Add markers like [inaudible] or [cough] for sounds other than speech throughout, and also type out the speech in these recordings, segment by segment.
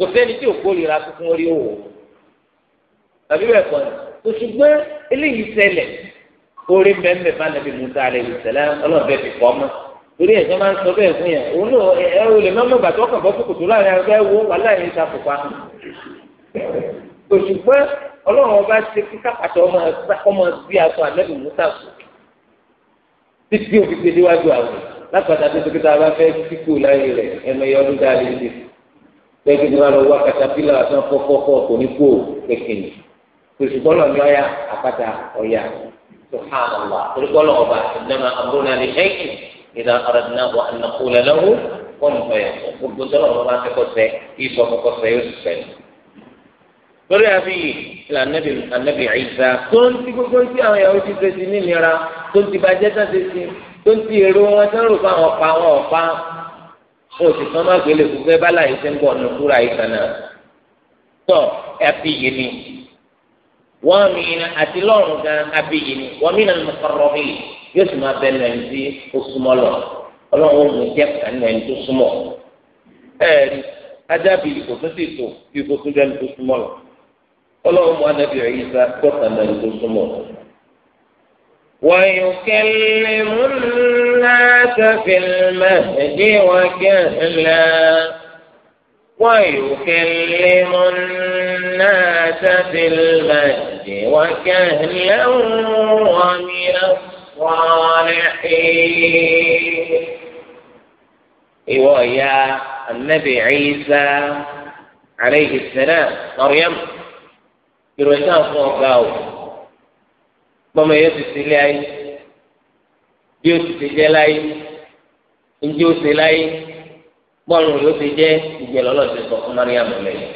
kò sẹ́ni tí ò kórìíra tuntun orí òwò tàbí bẹ́ẹ̀ kọ́ ni kò ṣùgbọ́n eléyìí ṣẹlẹ̀ orí mbẹ́mbẹ́ bá nàbí musa alẹ́ ìṣẹ̀lẹ̀ ọlọ́run bẹ́ẹ̀ fi fọ́ mọ́ torí ẹ̀jẹ̀ máa ń sọ bẹ́ẹ̀ fún yẹn òun náà ẹ ò lè mọ́mọ́ gbàtọ́ kàn bọ́ fòkòtò láàrin ẹgbẹ́ wo wà láàrin ìta pupa kò ṣùgbọ́n ọlọ́run ọba ṣe kí kápátọ̀ ọmọ sí aṣọ ànábì musa sùn títí òfin ṣe déwájú àwọn lápàtà tó ti kíta bá fẹ́ kíkó láyé rẹ̀ ẹnu ọdún dáa lè ṣe lẹ́yìn tí wọ́n lọ wá katapila sàn fọ́fọ́fọ́ kò ní kú kékeré tòṣùgbọ́lọ̀ ní ọ̀yà àpáta ọ̀yà subhanallah tòṣùgbọ́lọ̀ ọba ìdáná amúnà ní ẹ̀yìn ìdá ọ̀rọ̀dúnà wà nàkúlẹ̀ lọ́wọ́ wọ́n mú ọ̀yà gbogbo tọ́lọ̀ wọn bá kẹ́kọ̀ọ́ sẹ́ ìfọ̀ kọ́kọ́ sẹ́ yóò sì sẹ́ lórí àfihì ilà anabi anabi Ìsá tó ń ti gbogbo ń ti àwọn ìyàwó ti fèsì ní ìnira tó ń ti bàjẹ́ tó ń ti èrò wọn tó fún àwọn ọ̀pá àwọn ọ̀pá o sì kàn má gbélé gbogbo ẹ bá láyé ṣe ń bọ̀ ọ̀nà kúrò àyíká náà tọ ẹbí yìí ni wọn mi iná àti lọ́rùn gan abí yìí ni wọn mi iná ló kọrọ mi yóò sì máa bẹnu ẹni tí ó súnmọ́ lọ Ọlọ́run ò mú jẹ kànú ẹni tó súnmọ́ ẹ ajábì ìkò tó sì tó ìkò tó dẹni tó súnmọ́ lọ Ọlọ́run mú anábìrì yìí sá gbọkànú tó súnmọ́ ويكلم الناس في المهد وكهلا ويكلم الناس في المهد وكهلا ومن الصالحين إيوايا النبي عيسى عليه السلام مريم يروي كان فوق bọ́mọ yóò ti ṣe ilé ayé bí ó ti ṣe jẹ́ láyé ǹjẹ́ ó ṣe láyé bọ́ọ̀lù yóò ti jẹ́ ìjẹ́ lọ́lọ́sẹ̀ sọ fún mariam lẹ́yìn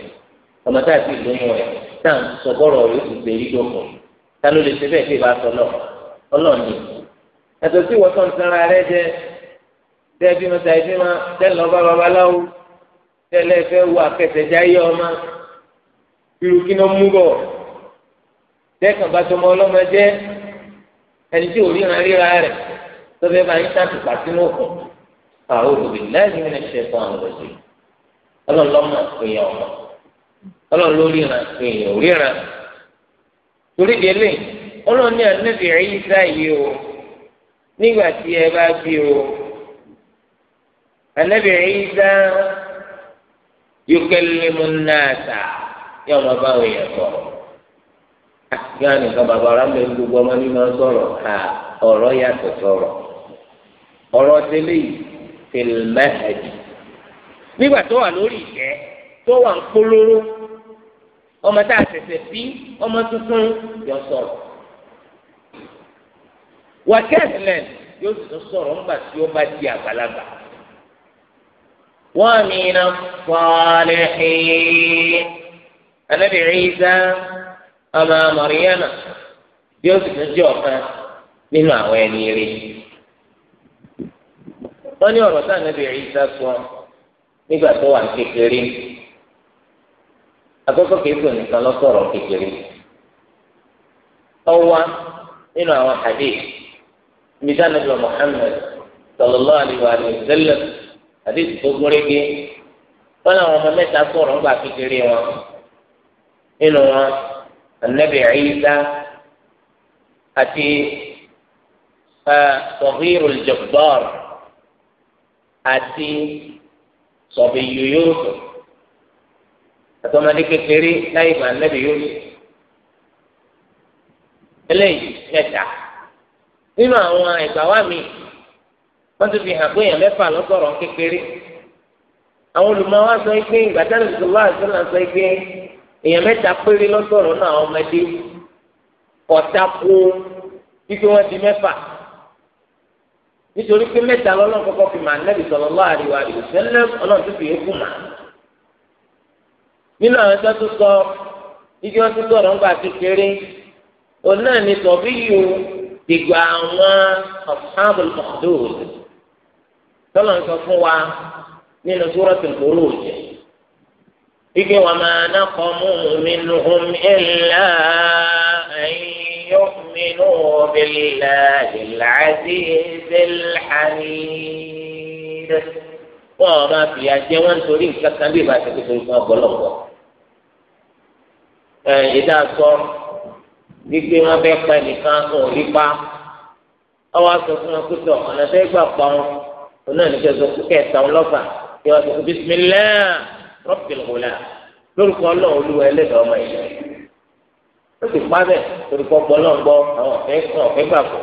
ọmọ tá a ti lóyún ẹ̀ náà sọ bọ́ọ̀lù yóò ti ṣe rí dọ́kọ̀ ta ló lè ṣe bẹ́ẹ̀ tí ì bá sọ lọ ọlọ́ọ̀ni ẹ̀sọ́ tí wọ́n tán sanra rẹ jẹ tẹ́ bí mo ta ẹbí ma tẹ́ lọ bá babaláwo tẹ́ lẹ́ẹ̀fẹ́ wo akẹ́tẹ̀jáyé ọmọ irú kí ni ó mú bọ̀ tẹ́kàn bá tọmọ ọlọ́mọ jẹ́ ẹni tí òríran ríra rẹ̀ tó fẹ́ máa ń sàtù pàtínú òkun àwọn olùbílẹ̀ ní ẹ̀ṣẹ̀ fún àwọn ọ̀sẹ̀ ọlọ́lọ́mọ èèyàn ọmọ ọlọ́lóríran èèyàn òríran torí délé ọlọ́ni ànábì ẹ̀yíṣà yìí o nígbà tí ẹ bá bí o ànábì ẹ̀yíṣà yóò kẹ́lẹ́ mú náà tà yọ̀ọ́ máa sọ̀rọ̀. kí á nìkan bàbá ara gbogbo ọmọ mi sọ̀rọ̀ ká ọ̀rọ̀ yàtọ̀ sọ̀rọ̀ ọ̀rọ̀ tẹ́lẹ̀ tẹlẹmẹ́hẹ̀dì nígbà tó wà lórí ìjẹ́ tó wà ń polówó ọmọ tá a ṣẹ̀ṣẹ̀ bí ọmọ tuntun yọ sọ̀rọ̀ wákẹ́ẹ̀lẹ̀ yóò sì tún sọ̀rọ̀ ńgbà tí ó bá di àgbàlagbà wọ́n mi náà Ama mọ̀ríyànà bí ó sì tún jẹ́ ọ̀kan nínú àwọn ẹni rí. wọ́n ní ọ̀rọ̀ sáà níbi Ìsá sọ nígbà tó wà ní kékeré àkọ́kọ́ kìí sọ nìkan lọ́sọ̀rọ̀ kékeré ọwọ́ nínú àwọn hadith nbisa nabi Muhammad sallallahu alayhi wa sallam hadith tó gúnrégé wọ́n làwọn ọmọ mẹ́ta sọ̀rọ̀ ńgbà kékeré wọn nínú wọn. النبي عيسى أتي صغير الجبار أتي صبي يوسف أتوما لك كري نايم النبي يوسف eléyìí mẹ́ta إما هو ẹgbà wa mi wọn ti fi hàn pé èèyàn mẹ́fà lọgọrọ kékeré àwọn olùmọ̀ wa sọ pé ìgbà tẹ́lẹ̀ tó wà sọ sọ pé èèyàn mẹ́ta péré lọ́sọ̀rọ̀ náà àwọn ọmọdé kọ̀tà kó wípé wọ́n di mẹ́fà nítorí pé mẹ́ta lọ́lọ́run kọ́kọ́ fi màá nẹ́bi sọ̀rọ̀ láàrin àdìgbò sẹ́lẹ̀ ọlọ́run tó fi yókù màá. nínú àwọn ẹ̀sán tó sọ ike wọn ti sọ̀rọ̀ ńgbà kékeré òun náà ni sọ̀bí yìí o dìgbà àwọn ọ̀sáàbùl mọ̀ọ́dúnrún tọ́lọ̀ ń sọ fún wa nínú sórọ́tì kòrò òjẹ́ ike wà máa ná kọ́ mú mi nù hum ilà ẹ̀yọ́mínú bílà ìlàdí ìdílhàmìd. wọ́n á máa fìyà jẹ wọ́n torí nǹkan kan bí ìbáṣe tó torí fún ọgbọ́lọ́gbọ́. ẹ̀ ìdá sọ wípé wọ́n fẹ́ pa ẹnìkan fún òrípa ọwọ́ aṣọ fún wọn kótó ọ̀nà tẹ́ gbà pa wọn òun náà ní kẹsàn-án kẹsàn-án lọ́fà kí wọ́n ti kú bísí rọ́pìl wòlá lórúkọ ọlọ́run olúwa ẹlẹ́dàá ọmọ ìyá ó sì pa bẹ́ẹ̀ lórúkọ gbọ́lọ́n gbọ́ àwọn ọ̀fẹ́ ọ̀fẹ́ gbàgbọ́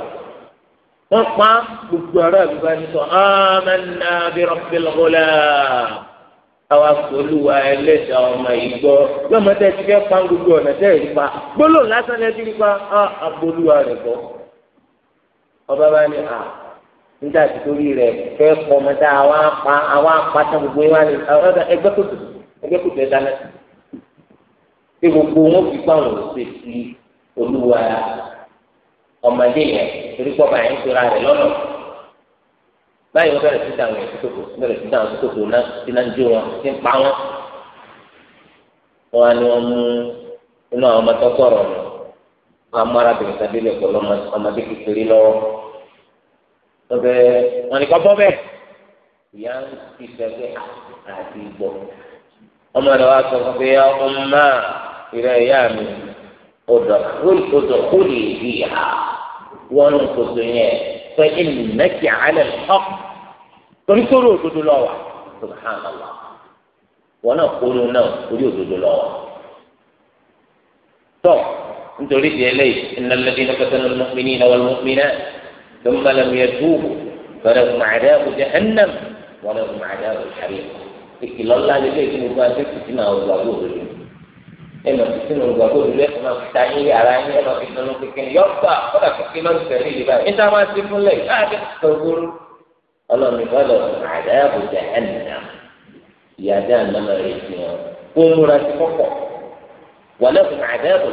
wọ́n pa gbogbo ará àbíbá ní sọ ámánà bí rọ́pìl wòlá àwọn akọlùwà ẹlẹ́dàá ọmọ yìí gbọ́ lọ́mọ tẹ́ ti fẹ́ pa gbogbo ọ̀nà tẹ́ ẹ̀ pa gbólóhùn lásán lẹ́ẹ̀dì nípa àgbọ̀lùwà rẹ̀ gbọ́ ọba bá ní à nígbà tí torí rẹ̀ fẹ́ kọ́ ọmọ tá àwa pa àwa tán gbogbo yín wá ní ẹgbẹ́ tó tutù ẹgbẹ́ kò tẹ dáná sí pé gbogbo wọn fi pa àwọn òṣè sí olúwa ọmọdé yẹn torí pọ́ báyìí ń tora rẹ̀ lọ́nà báyìí wọ́n bẹ̀rẹ̀ sí dáhùn yẹn sítòkò bẹ̀rẹ̀ sí dáhùn sítòkò náà sí náà ń jó wọn sí ń pa wọn wọn á ní wọn mú inú àwọn ọmọ tó sọ̀rọ̀ nù wọn á mú arábìnrin tàbí lè pẹ̀lú ọmọdé kékeré lọ́wọ́ lọ́bẹ̀ wọn kọ́ bọ́ bẹ́ẹ̀ ìyá ń fi fẹ́ bẹ́ẹ̀ ah, àti ìgbọ̀ ọmọ rẹ wá sọ fún pé ya ọmọ ìrẹ ìyá mi ọdọkùnrin ìdí ha wọn ń kóso yẹn fẹ ìnàkì alẹ ọk torí kóró òdodo lọ wà subhanallah wọn náà kóró náà orí òdodo lọ wà tọ nítorí di eléyìí iná lẹbi ní kẹsàn án mọmìnì náà wọn mọmìnà lọmọlẹmìyẹ tuubu fẹrẹ mọ̀ọ́dẹ́ àbújá ẹnẹm wọn lọ mọ̀ọ́dẹ́ àbújá rẹ. ìkìlọ̀ ńlá ni ilé ìdílé gbọ́n àti títí náà ọgbà tó òdodo ẹ lọ títí náà ọgbà tó òdodo ẹ kàn máa fi ta yín ara yín ẹ lọ fi tọ́nu kékeré yọ gbà kọ́dà kékeré náà ti tẹ̀lé ìdìbà yín tá a máa ti fúnlẹ̀ káàdé kọ̀ọ̀kọ̀rọ̀ ọlọ́run ìfọ̀lọ́ àdáyàbòjá ẹ̀nà ìyáda ànámọ̀ rẹ̀ ti hàn kó múra sí kọ́kọ̀ wàlẹ́kùn àdáyàbò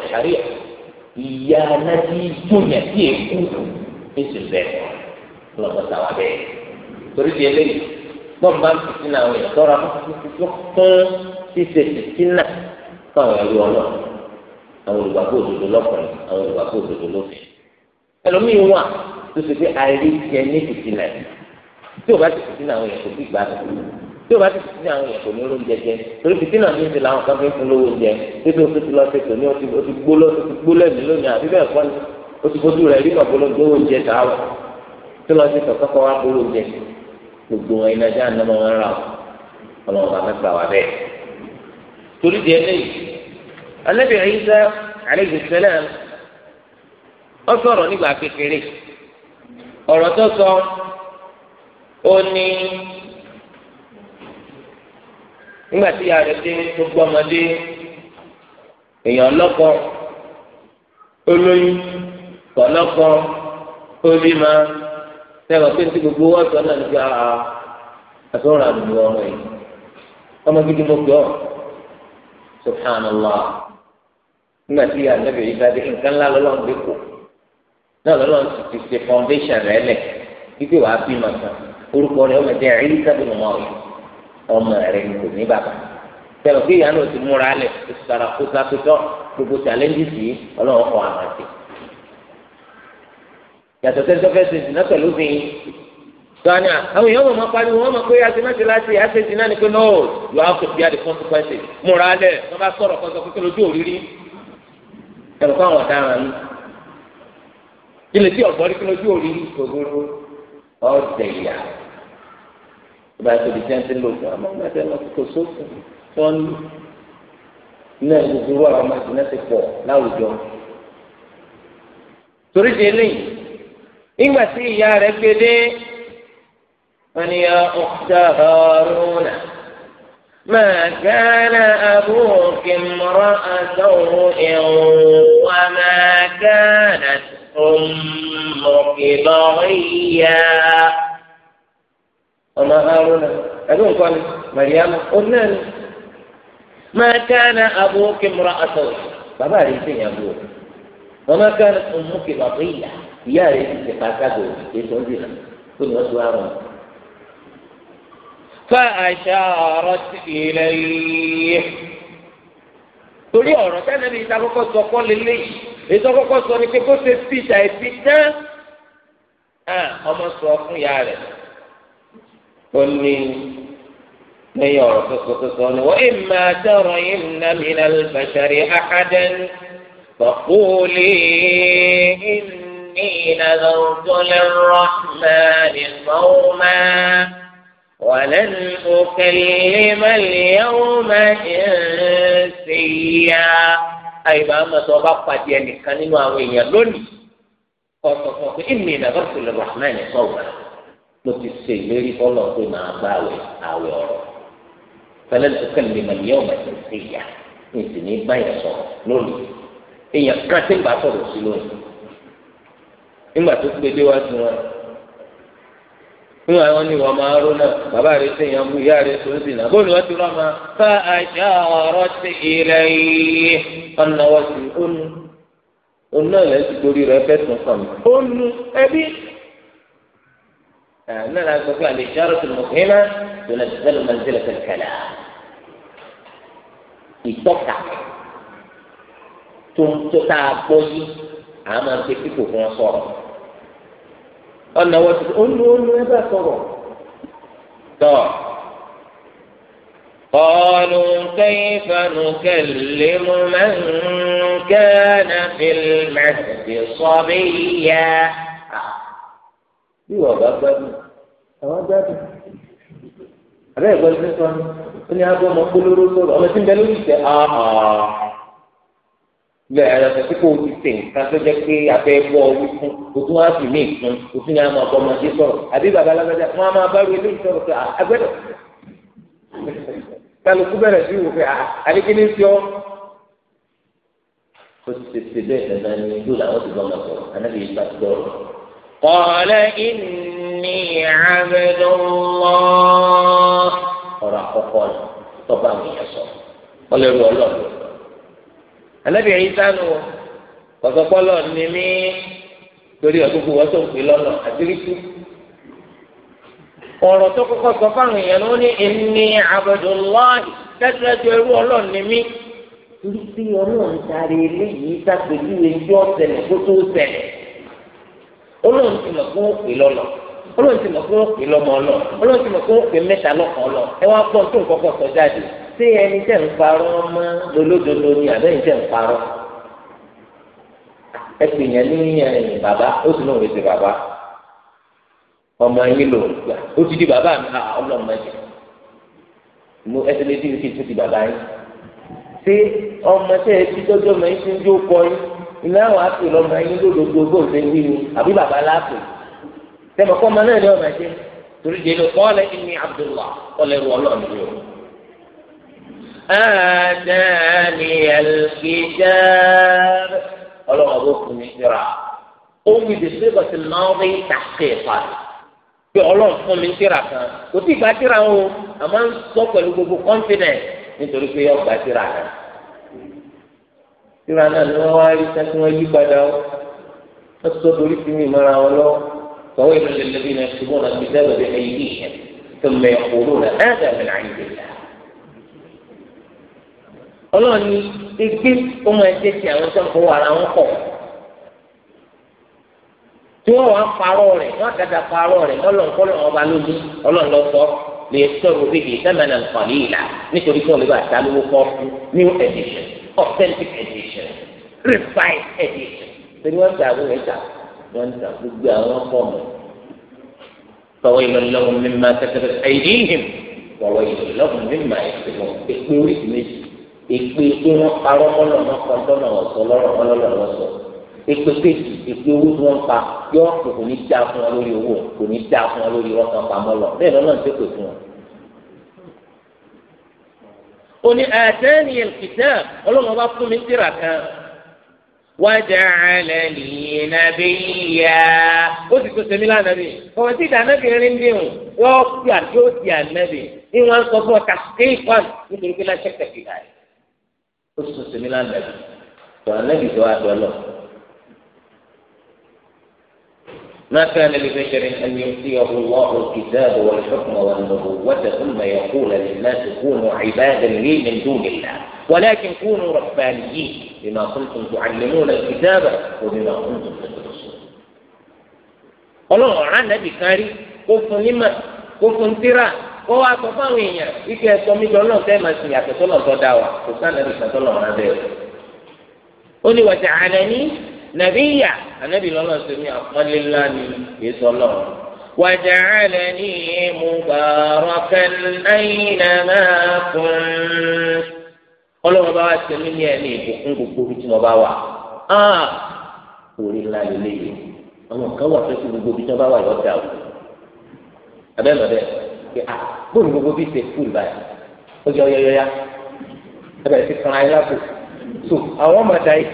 bọ́ọ̀bá ń fìtí náà wọ̀nyí tọ́ra fún ṣíṣe fìtí náà fún àwọn ẹrú ọlọ́ àwọn olùgbàgbọ́ òdodo lọ́kùnrin àwọn olùgbàgbọ́ òdodo lófin ẹlòmíín wà tó ṣe pé àìrí tiẹ̀ ní fìtí náà tí o bá ti fìtí náà wọ̀nyí kò sí ìgbà tí o bá ti fìtí náà wọ̀nyí kò ní oúnjẹ jẹ torí fìtí náà ní ti làwọn kan fi ń fún lówó jẹ títí o ti lọ sí tòní o ti gbólẹ̀ mí lónìí àbí bẹ́ẹ̀ kọ́ o ti fojú rẹ̀ rí gbogbo wọn iná jẹ́ àná máa ń rà ọlọ́run bá mẹ́ta wà bẹ́ẹ̀. torí di ẹlẹ́yìí Ànábì Ìsá alayhi salam ó nígbà kékeré ọ̀rọ̀ tó sọ ó ní nígbà tí ìyá dé tó gbọ́ ọmọdé èèyàn lọ́kọ olóyún kọ̀ lọ́kọ sẹ́wọ̀n pé tí gbogbo wọn sọ náà ní ká àtúnrà nínú ọmọ yìí ọmọ gidi mo gbọ́ subhanallah nígbà tí anabi yìí bá dé nǹkan ńlá lọ́lọ́run dé kù náà lọ́lọ́run ti ti ṣe foundation rẹ̀ lẹ̀ wípé wàá bí màkà orúkọ rẹ̀ ọmọ jẹ́ ẹ̀rí sábìnrin ọmọ rẹ̀ ọmọ rẹ̀ kò ní bàbá sẹ́wọ̀n pé ìyá náà ti múra lẹ̀ ó ti sara kó sáfẹ́tọ̀ gbogbo challenges yìí ọlọ́run kọ́ àmàtì yàtọ̀ sẹ́ni tó fẹ́ ṣe ìdìnnà pẹ̀lú mi sani àwọn èèyàn máa pariwo wọn máa pé asemẹ́sẹ̀ láti asemẹ́sẹ̀ náà ni pé no you have to bear the consequences múra alẹ̀ wọn bá sọ̀rọ̀ kan sọ pé kí lójú òrírí ẹ̀rọ kó àwọn ọ̀daràn yìí ilé tí ọ̀gbọ́n kí lójú òrírí gbogbo ọ̀dẹ̀ ìyá ìgbà tó di sẹ́ńtì lóògùn àmọ́ ìgbà tó lọ́ọ́ kó sóògùn tó ń lù náà gbogbo àwọn ọmọ ìdílé ti pọ̀ láwùjọ torí di eléyìí. nígbà tí ìyá rẹ̀ gbé dé wọ́n ní ya ọ̀kúta ọ̀rùnà máa gánà abúkì mọ́rọ́ àtọ̀wò ẹ̀wọ̀n wà máa gánà ọmọkì lọ́rìyà. ọmọ haruna ẹbí nǹkan ni mariam ọ̀nà ni máa gánà abúkì mọ́rọ́ àtọ̀wò bàbá rẹ̀ ń sèyàn bò wọ́n máa gánà ọmọkì lọ́rìyà. ìyá rẹ̀ ti ti pàtàkì òkè tó ń dìnnà tó ní ọ̀ṣọ́ àrùn. فأشارت إليه torí ọ̀rọ̀ tẹ́lẹ̀ ní ìtakọ́kọ́ sọ kọ́ lélẹ̀ yìí ìtakọ́kọ́ sọ ni pé kó ṣe fìtà ẹ̀fí tán ọmọ rẹ̀ ó rẹ̀ ó ní lẹ́yìn ọ̀rọ̀ tó sọ sọ ni wọ́n ìmọ̀ àtẹ̀rọ̀ yìí nà mí nà lùfẹ̀ṣẹ̀rì e maa atero yii na fọ̀kúlì ìnà. حين ذرت للرحمن قوما ولن أكلم اليوم إنسيا أي ما أمسوا بقى يعني كان نواوي لوني قصص إني نذرت للرحمن قوما نتسلري فالله بما باوي أوي أورو فلن أكلم اليوم إنسيا إنسيني ما يصور لوني إن يكاتب بصر سلوني nígbà tó gbé déwájú wọn níwọ̀n àwọn oníwọ̀n máa ró náà bàbá rẹ̀ ṣe ìyàn bú ìyá rẹ̀ tó ń sìn náà bóòlù wọn ti rọ́ọ̀mà fa àṣà ọ̀rọ̀ ti ilẹ̀ yìí ọ̀nà wọ́n sì ó nu náà lẹ́yìn torí rẹ̀ fẹ́ tún kàn mí ó ẹbí náà la sọ pé àlejò tó mọ̀ fún iná tó máa ń tẹ̀lé kẹ̀kẹ́lá ìtọ́ka tó tó tá a gbọ́ yìí àá máa ń pe pípò fún ọ sọ̀rọ̀. ọ̀nà wọ́n ti ó nu ó nu ẹ bá sọ̀rọ̀ tọ́ قالوا كيف نكلم من كان في المهد صبيا bí wọ́n bá gbádùn àwọn gbádùn àbẹ́ ìgbọ́dún sọ ní abọ́ ọmọ gbólóró sọ̀rọ̀ ọmọ tí ń bẹ lórí ìtẹ́ àhàn. lẹ ẹyọsẹ tí kò ti sè nǹkan jẹ pé abẹ bọ orí fún o tún wá sí ní ìfún o tún ní àwọn ọmọ ọmọdé sọ̀rọ̀ àbí bàbá alágbádá wọn a máa bá ru eléyìí sọ̀rọ̀ pé àgbẹdọ [laughs] kálukú bẹ̀rẹ̀ sí wò pé àdékélé sí ọ. ó ti ṣe ṣe bẹ́ẹ̀ dandan ní ìlú làwọn ti bá wọn sọ̀rọ̀ anábìyí bá ti dọ̀rọ̀. kọ́lẹ́ ìní àbẹ̀dọ́lọ́ ọ̀rọ̀ ẹlẹ́bi ẹ̀yí sánú kọ̀sọ́kọ́lọ́ ni mí torí ọ̀gbọ́gbọ́ wọ́n tó ń pè lọ́nà àdíríkú ọ̀rọ̀ tó kọ́kọ́ sọ fáwọn èèyàn ló ní ẹni abẹ́dọ̀láì tẹ́tẹ́tẹ́ ẹrú ọlọ́run ni mí torí pé ọlọ́run tààrí eléyìí sàpèjú ẹjọ́ ọ̀sẹ̀lẹ̀ kó kó pè lọ́nà ọlọ́run ti kó pè lọ́mọ ọlọ́ ọlọ́run ti kó pè mẹ́ta lọ́kàn ọlọ́ ẹ wá tó ń kọ́kọ́ sọ ṣé ẹni tẹ̀ ń parọ́ mọ́ lolódodo ni àbẹ́yìn tẹ̀ ń parọ́ ẹ pè yẹn ní ẹ̀yìn bàbá ó sì lóun ètò bàbá ọmọ yín lò gbà ó ti di bàbá mi à ah, ọlọ́mọ ẹ̀jẹ̀ mo ẹsẹ̀ lé tí kì í tún ti bàbá yín ṣé ọmọ tẹ́ ẹ ti dọ́jọ́ mọ́ yín tí ń jó kọ́ yín iná àwọn àpè lọ́mọ yín lòdòdó gbòǹdé wí ni àbí bàbá láàpè tẹmọ ọmọ náà ní ọmọ ẹ̀jẹ̀ torí délé ní Abdullah ọ lẹ́rù ọlọ́ọ̀ni yìí o. آتاني الكتاب ọlọ́run ọ̀bọ̀ fún mi síra ó wí di sílẹ̀ tí lọ́ọ̀rì tàkì pa pé ọlọ́run fún mi síra kan kò tí ì gba síra o àmọ́ ń sọ pẹ̀lú gbogbo confidence nítorí pé yọ gba síra náà síra náà ni wọ́n wá rí sẹ́kí wọ́n yí padà ó wọ́n sọ dorí sí mi mọ́ra wọn lọ sọ̀rọ̀ ìrìnlẹ̀ lẹ́bí náà ṣùgbọ́n àgbẹ̀dẹ́gbẹ̀dẹ́ ẹ̀yìn yìí tó mẹ́ ọ̀rọ̀ náà ẹ̀ẹ́dẹ̀gbẹ̀rẹ̀ àyè ọlọ́run ni igi ó máa ṣe ti àwọn tó ń fowó ara wọn pọ̀ tí wọ́n wá parọ́ rẹ̀ wọ́n àgàdà parọ́ rẹ̀ ọlọ́nkọ́lọ́ ọba lómi ọlọ́nlọ́sọ lè sọ̀rọ̀ bíbí sẹ́mẹ̀nà nǹkan ìlà nítorí kí wọ́n lè bá àtàlówó kọ́ fún new edition authentic edition revised edition torí wọ́n ti àwọn ìta wọ́n ń ta gbogbo àwọn fọ́ọ̀mù tọwọ́ ìlọlọ́wọ́ mímá kẹsẹ̀kẹsẹ̀ ẹ̀yìn ìhìn tọwọ́ ìlọlọ́wọ́ mímá ẹ̀sìn èpè pé wọ́n parọ́ mọ́lọ̀ wọn kọ́ tọ́nà ọ̀sọ́ lọ́rọ̀ mọ́lọ́lọ́ lọ́sọ̀ èpè kejì èpè owó tí wọ́n pa yọ kò kò ní dáa fún wọn lórí owó kò ní dáa fún wọn lórí wọn kan pa mọ́lọ̀ bẹ́ẹ̀ lọ́nà ń tẹ́kọ̀ fún wọn. ó ní àtẹ́ni ìkìtẹ́ ọlọ́run bá fún mi tírà kan wájàlẹ̀ nìyẹnàbíyà ó sì tó sẹ́mi lánàbí ọ̀rọ̀ tí ìdánábìrin dìhùn yọ ọ́ sí àjọ òsì ànábì ni wọ́n sọ fún ọ kàkéèkọ́n nítorí pé láṣẹ́ tẹ̀síkà ó sùn sí mi lánàbì tó ànábì tó àdó lọ. ما كان لبشر أن يؤتيه الله الكتاب والحكم والنبوة ثم يقول للناس كونوا عبادا لي من دون الله ولكن كونوا ربانيين بما كنتم تعلمون الكتاب وبما كنتم تدرسون ọlọ́run ọ̀rá nàbì kan rí kó fún nímọ̀ kó fún tíra ó wá sọ fáwọn èèyàn wíkẹ́ ẹ̀sọ́ mi jọ náà tẹ́ẹ̀ máa sìn yàtọ̀ tọ́lọ̀ tó dá wa kò sáànà lè sàn tọ́lọ̀ máa bẹ̀rẹ̀. ó ní wàjà ànání nàbíyà ànábì lọ́nà sí mi àpọ́nlé ni kìí sọ náà. wàjà ànání mubarakan aynama kunt. ọlọ́run bá wá sí mi ní ẹ̀mí ìbùkún gbogbo tí mo bá wà. Ah! orí ńlá lélẹ́yìn àwọn kan wà fẹ́ sí gbogbo tí wọ́n bá wà lọ́dà pé ah, bóòlù gbogbo bíi ṣe fúlù báyìí ó yọ yọ yọ ya ẹ bẹ̀rẹ̀ sí kan ayé lápò so àwọn ọmọ da yìí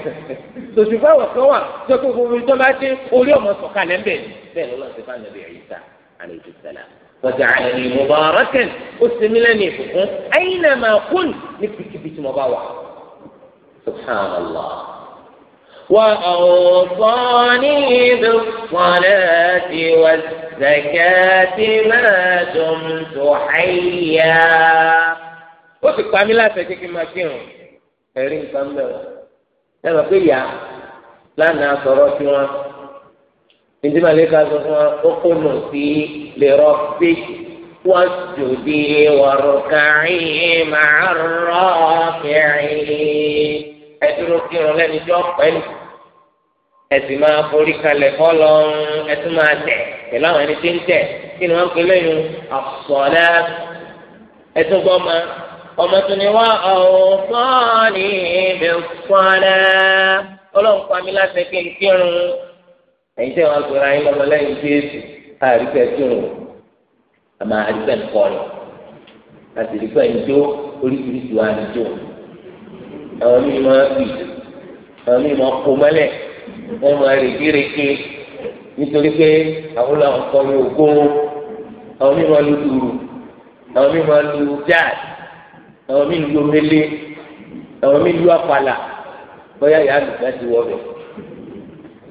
so ṣùgbọ́n àwọn kan wà tó kó gbogbo tó bá dé orí ọmọ sọ̀kalẹ̀ ńbẹ̀ bẹ́ẹ̀ lọ́lọ́ ti bá nàbẹ̀ Ìsá àlejò sẹ́lá tọ́jà àlẹ́ ni mo bá rọ́kẹ̀ ó ṣe mí lẹ́nu ìbùkún ayé náà máa kún ní pìtìpìtì mo bá wà subhanallah. وأوصاني بالصلاة والزكاة ما دمت حيا ó sì pa mí láti ẹjẹ kí n máa kírun ẹrí nǹkan mẹ́wàá lẹ́nu pé ìyá lánàá sọ̀rọ̀ sí wọn ìdí màlẹ́ka sọ fún wọn ó kó nù sí lè rọ pé wọ́n jòdì wọ̀rùkàrin màá rọ̀ kẹrin ẹdúró kírun lẹ́ni tí wọ́n pẹ́ nù ẹsì máa forí kalẹ̀ kọ́lọ́ ẹtú máa tẹ̀ pẹ̀lú àwọn ẹni tí ń tẹ̀ kí ni wọ́n pe lẹ́yìn àfọ̀lẹ́ ẹtú gbọ́ ma ọmọ tó ní wá ọ̀fọ́ọ̀nì ìbẹ̀fọ́lẹ́ ọlọ́nkpami láti kí n kírun ẹ̀yin tẹ̀ wọ́n pèrè ayé lọ́wọ́ lẹ́yìn tí èsì àríkẹ́ kírun àmà àríkẹ́ nkọ́ni àti àríkẹ́ njó oríṣiríṣi wa njó àwọn míì máa bì àwọn míì máa kó mọ́lẹ̀ wọ́n máa rèkérèké nítorí pé àwọn làwọn kọ́ ní ògbó àwọn míì máa lu dùrù àwọn míì máa lu jáàd àwọn míì lu omele àwọn míì lu apàlà bóyá ìyá àgùntàn ti wọ bẹ̀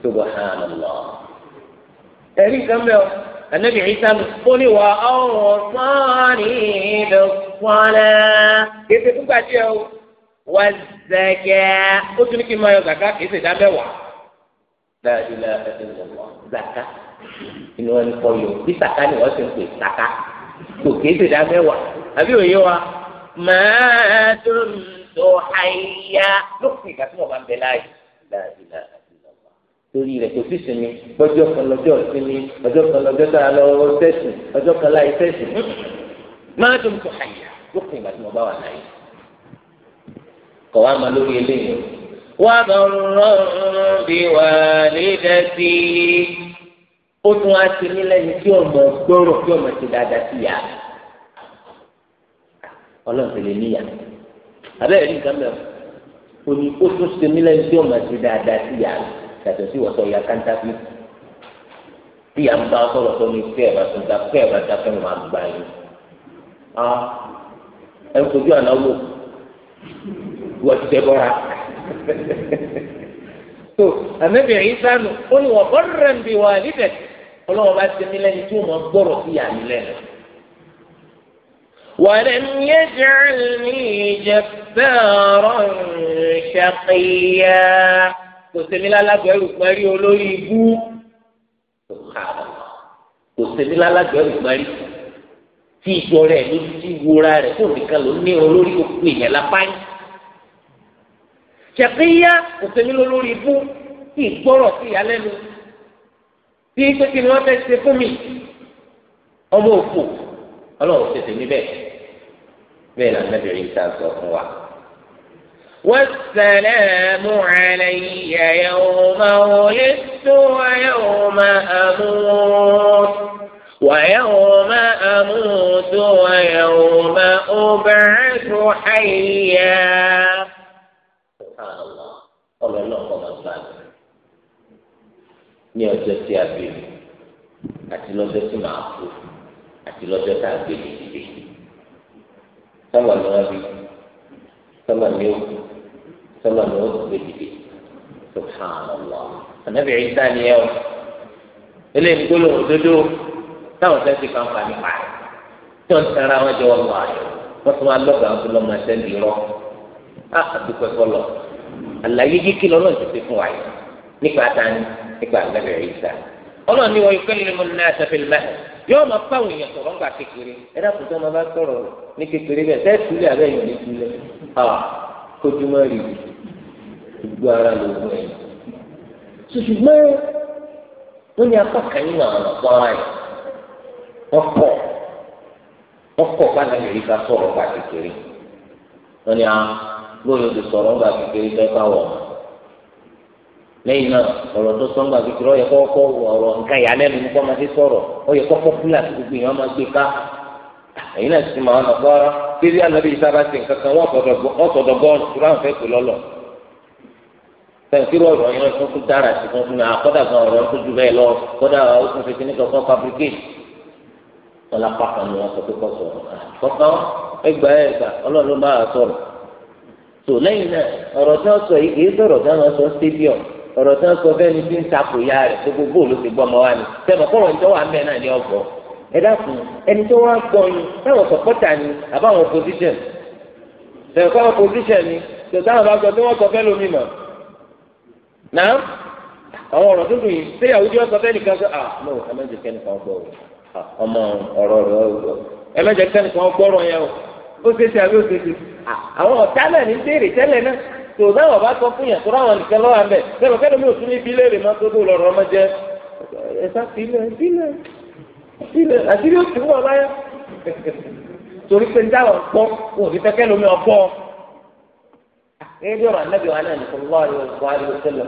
subahánàlá ẹ̀rí kan bẹ́ẹ̀ o. النبي عيسى قل وأوصاني بالصلاة كيف تبقى wà zẹkẹ ó tún ní kí n máa yọ zaka kì í ṣe dámẹ́wàá láti ilẹ̀ ẹ̀sìn ìjọba zaka inú wọn kọ yọ bí zaka ni wọ́n ti ń pè zaka kò kì í ṣe dámẹ́wàá àbí òye wa máa dùn tó àyà lókùn ìgbà tí wọ́n bá ń bẹ láàyè láti ilẹ̀ ẹ̀sìn ìjọba torí rẹ̀ kò sí sinmi lọ́jọ́ kan lọ́jọ́ sinmi ọjọ́ kan lọ́jọ́ tó lọ sẹ́sìn ọjọ́ kan láì sẹ́sìn máa dùn tó àyà lókùn ìgbà tí wọ́n bá wà láàyè kọ̀ wá ma lórí eléyìí. wá bá rán bí wà lédè sí i. ó tún á ti ní lẹ́yìn tí ọmọ gbọ́rọ̀ tí ọmọ ti dáadáa sí ya. ọlọ́run ti lè níyà. abẹ́rẹ́ ní nǹkan mẹ́rin o ní ó tún ṣe mí lẹ́yìn tí ọmọ ti dáadáa sí ya yàtọ̀ sí wọ́sọ̀ ya káńtà fi bí à ń bá sọ̀rọ̀ tó ní fẹ́ ẹ̀rọ tó dá ẹ̀rọ dá fẹ́ máa gbà yín. Ah, ẹ ń fojú àná wò wọ́n ti dẹ́bọ́ra. tó ànábì Ìsá nù ó ní wọ́n bọ́rẹ̀ ń bi wà níbẹ̀ ọlọ́wọ́n bá ti nílẹ̀ ní tí wọ́n gbọ́rọ̀ sí yà nílẹ̀ nù. ولم يجعلني جبارا شقيا kò sẹ́mi lálágbẹ̀ẹ́ olùparí olórí ibú kò sẹ́mi lálágbẹ̀ẹ́ olùparí tí ìjọ rẹ̀ ló ti wúra rẹ̀ fún nìkan ló ní olórí òkú ìyẹn lápá yìí. ṣẹ̀kíyá òṣèlú lórí ibú kí ìgbọ́rọ̀ sí ìyálẹ́nu bí pé kí ni wọ́n fẹẹ ṣe fún mi ọmọ òfò ọlọ́run ṣe tèmi bẹ́ẹ̀ bẹ́ẹ̀ náà nàbẹ̀rẹ̀ ìta sọ fún wa. والسلام علي يوم ولدت ويوم أموت ويوم أموت ويوم أبعث حيا subhanallah ọlọ́lọ́ kọ́ máa gbà mí ní ọjọ́ tí a bí àti lọ́jọ́ tí màá kú àti lọ́jọ́ tá a gbé dìde sábà ni wọ́n bí sábà ni ó kú sábà ni ó gbé dìde subhanallah anabi isa ni ẹ o eléyìí gbólóhùn dodo táwọn fẹ́ẹ́ ti kàn fani pa tó ń tara wọn jẹ wọn lọ àyè wọn tún wá lọgàá tó lọ máa ṣe ń dirọ àdúpẹ́ ah, kọlọ̀ àlàyé yíkí lọ́nà ti fi fún wa yìí nípa tani nípa àgbẹ̀rẹ̀ yìí sá ọlọ́run ni wọ́n yóò kẹ́lẹ́ mọ́ náà ṣàfihàn mẹ́ta yóò máa fáwọn èèyàn sọ̀rọ̀ ńgbà kékeré ẹ dákun tó máa bá sọ̀rọ̀ ní kékeré bẹ́ẹ̀ sẹ́ẹ̀ sílẹ̀ abẹ́ yìí ní sílẹ̀ ah, kójúmọ́ rí gbogbo ara lóògùn ẹ̀ ṣùṣùgbọ́n wọ́n ní apá kan nínú wọ́n pọ̀ wọ́n pọ̀ gbọ́dọ̀ ti sọ̀rọ̀ ńgbà kékeré fẹ́ bá wọ̀ lẹ́yìn náà ọ̀rọ̀ tó sọ ńgbà kékeré ó yẹ kọ́kọ́ ọ̀rọ̀ nǹkan ìyàlẹ́nu ní kọ́ máa ti sọ̀rọ̀ ó yẹ kọ́kọ́ kúlà tí gbogbo èèyàn máa gbé ká èyí náà ti máa nà gbọ́ra kébí ànábì yìí sábà ṣe nǹkan kan wọ́n sọ̀dọ̀ bọ́ọ̀lù tó ráhùn fẹ́ pè lọ́lọ́ sẹ́ńtírì ọ̀rọ̀ yẹn tó tún dára sí fún fún mi àkọ́dà gan ọ̀rọ̀ tó ju bẹ́ẹ̀ lọ kọ́dà ó tún fi kíní kankan fabricate wọn lápá kan ni wọn sọ pé kọ́ sọ̀rọ̀ kọ́kọ́ ẹgbàá ẹgbàá ọlọ́run máa sọ̀rọ̀ tò lẹ́yìn náà ọ̀rọ̀ tí wọ́n sọ yìí kìí sọ̀rọ̀ tí wọ́n sọ stadium ọ̀rọ̀ tí wọ́n sọ ya rẹ̀ tó gbogbo ti gbọ́ ọmọ wa ni sẹ́mi kọ́rọ̀ ní tọ́wọ́ àmì ẹ̀ náà ní ẹ dákun ẹni tó wá gbọ́ táwọn ni àbáwọn opposition sẹ́mi kọ́rọ̀ opposition ni tó bá sọ tí wọ́n sọ fẹ́ lómi mọ̀ náà àwọn ọ̀rọ̀ yìí ó ṣe ṣe àbí ó ṣe ṣe àwọn ọ̀tá náà ní béèrè tẹ́lẹ̀ náà tó dáwọ̀ bá sọ fún yàn tó ráwọn nìkan lọ́wọ́ àmì bẹ́ẹ̀ sẹ́wọ̀n kẹ́lẹ́ mi ò tún ní bílẹ̀ rẹ̀ máa tó dó lọ́rọ̀ ọmọ jẹ ẹ̀sà bílẹ̀ bílẹ̀ bílẹ̀ àti bí ó ti wọ̀ láyà torí pé dáwọ̀ gbọ́ kò ní fẹ́kẹ́ lómi ọ̀pọ̀ ẹ̀ẹ́dì ọ̀rọ̀ anábì wa náà nìkan lọ́wọ́ ọ̀pọ̀ àyè ọ̀sẹ̀lẹ̀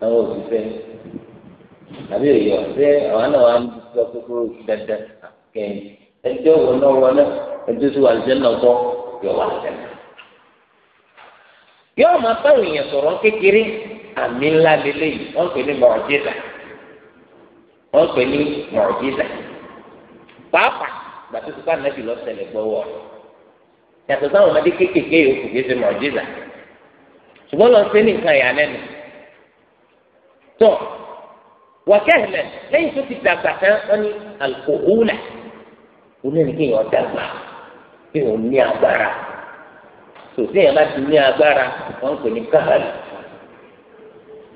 wọ́n rí àbí òye ọ̀sẹ̀ àwọn náà wà ń sọ kókó dandan kẹ́yìn ẹjọ́ wo náà wọ náà ẹjọ́ tó wà lẹ́sẹ̀ náà kọ́ yọ wà lẹ́sẹ̀ náà. yọ ọmọ báwo yẹn sọ̀rọ̀ kékeré àmì ńlá lélẹ́yìí wọ́n pè ní mọ̀ọ́dídà wọ́n pè ní mọ̀ọ́dídà pàápàá gbàtí tó bá nàbì lọ ṣẹlẹ̀ gbọ́wọ́ yàtọ̀ sáwọn ọmọdé kéékèèké yòókù kìí ṣe mọ̀ọ́dídà ṣùgbọ́n lọ wàkẹ́hìnlẹ̀ lẹ́yìn tó ti dàgbà tán wọ́n ní alukóhólà onírin kéèyàn dàgbà kéèyàn ní agbára sòsì yẹn bá ti ní agbára wọ́n ń pè ní káhálì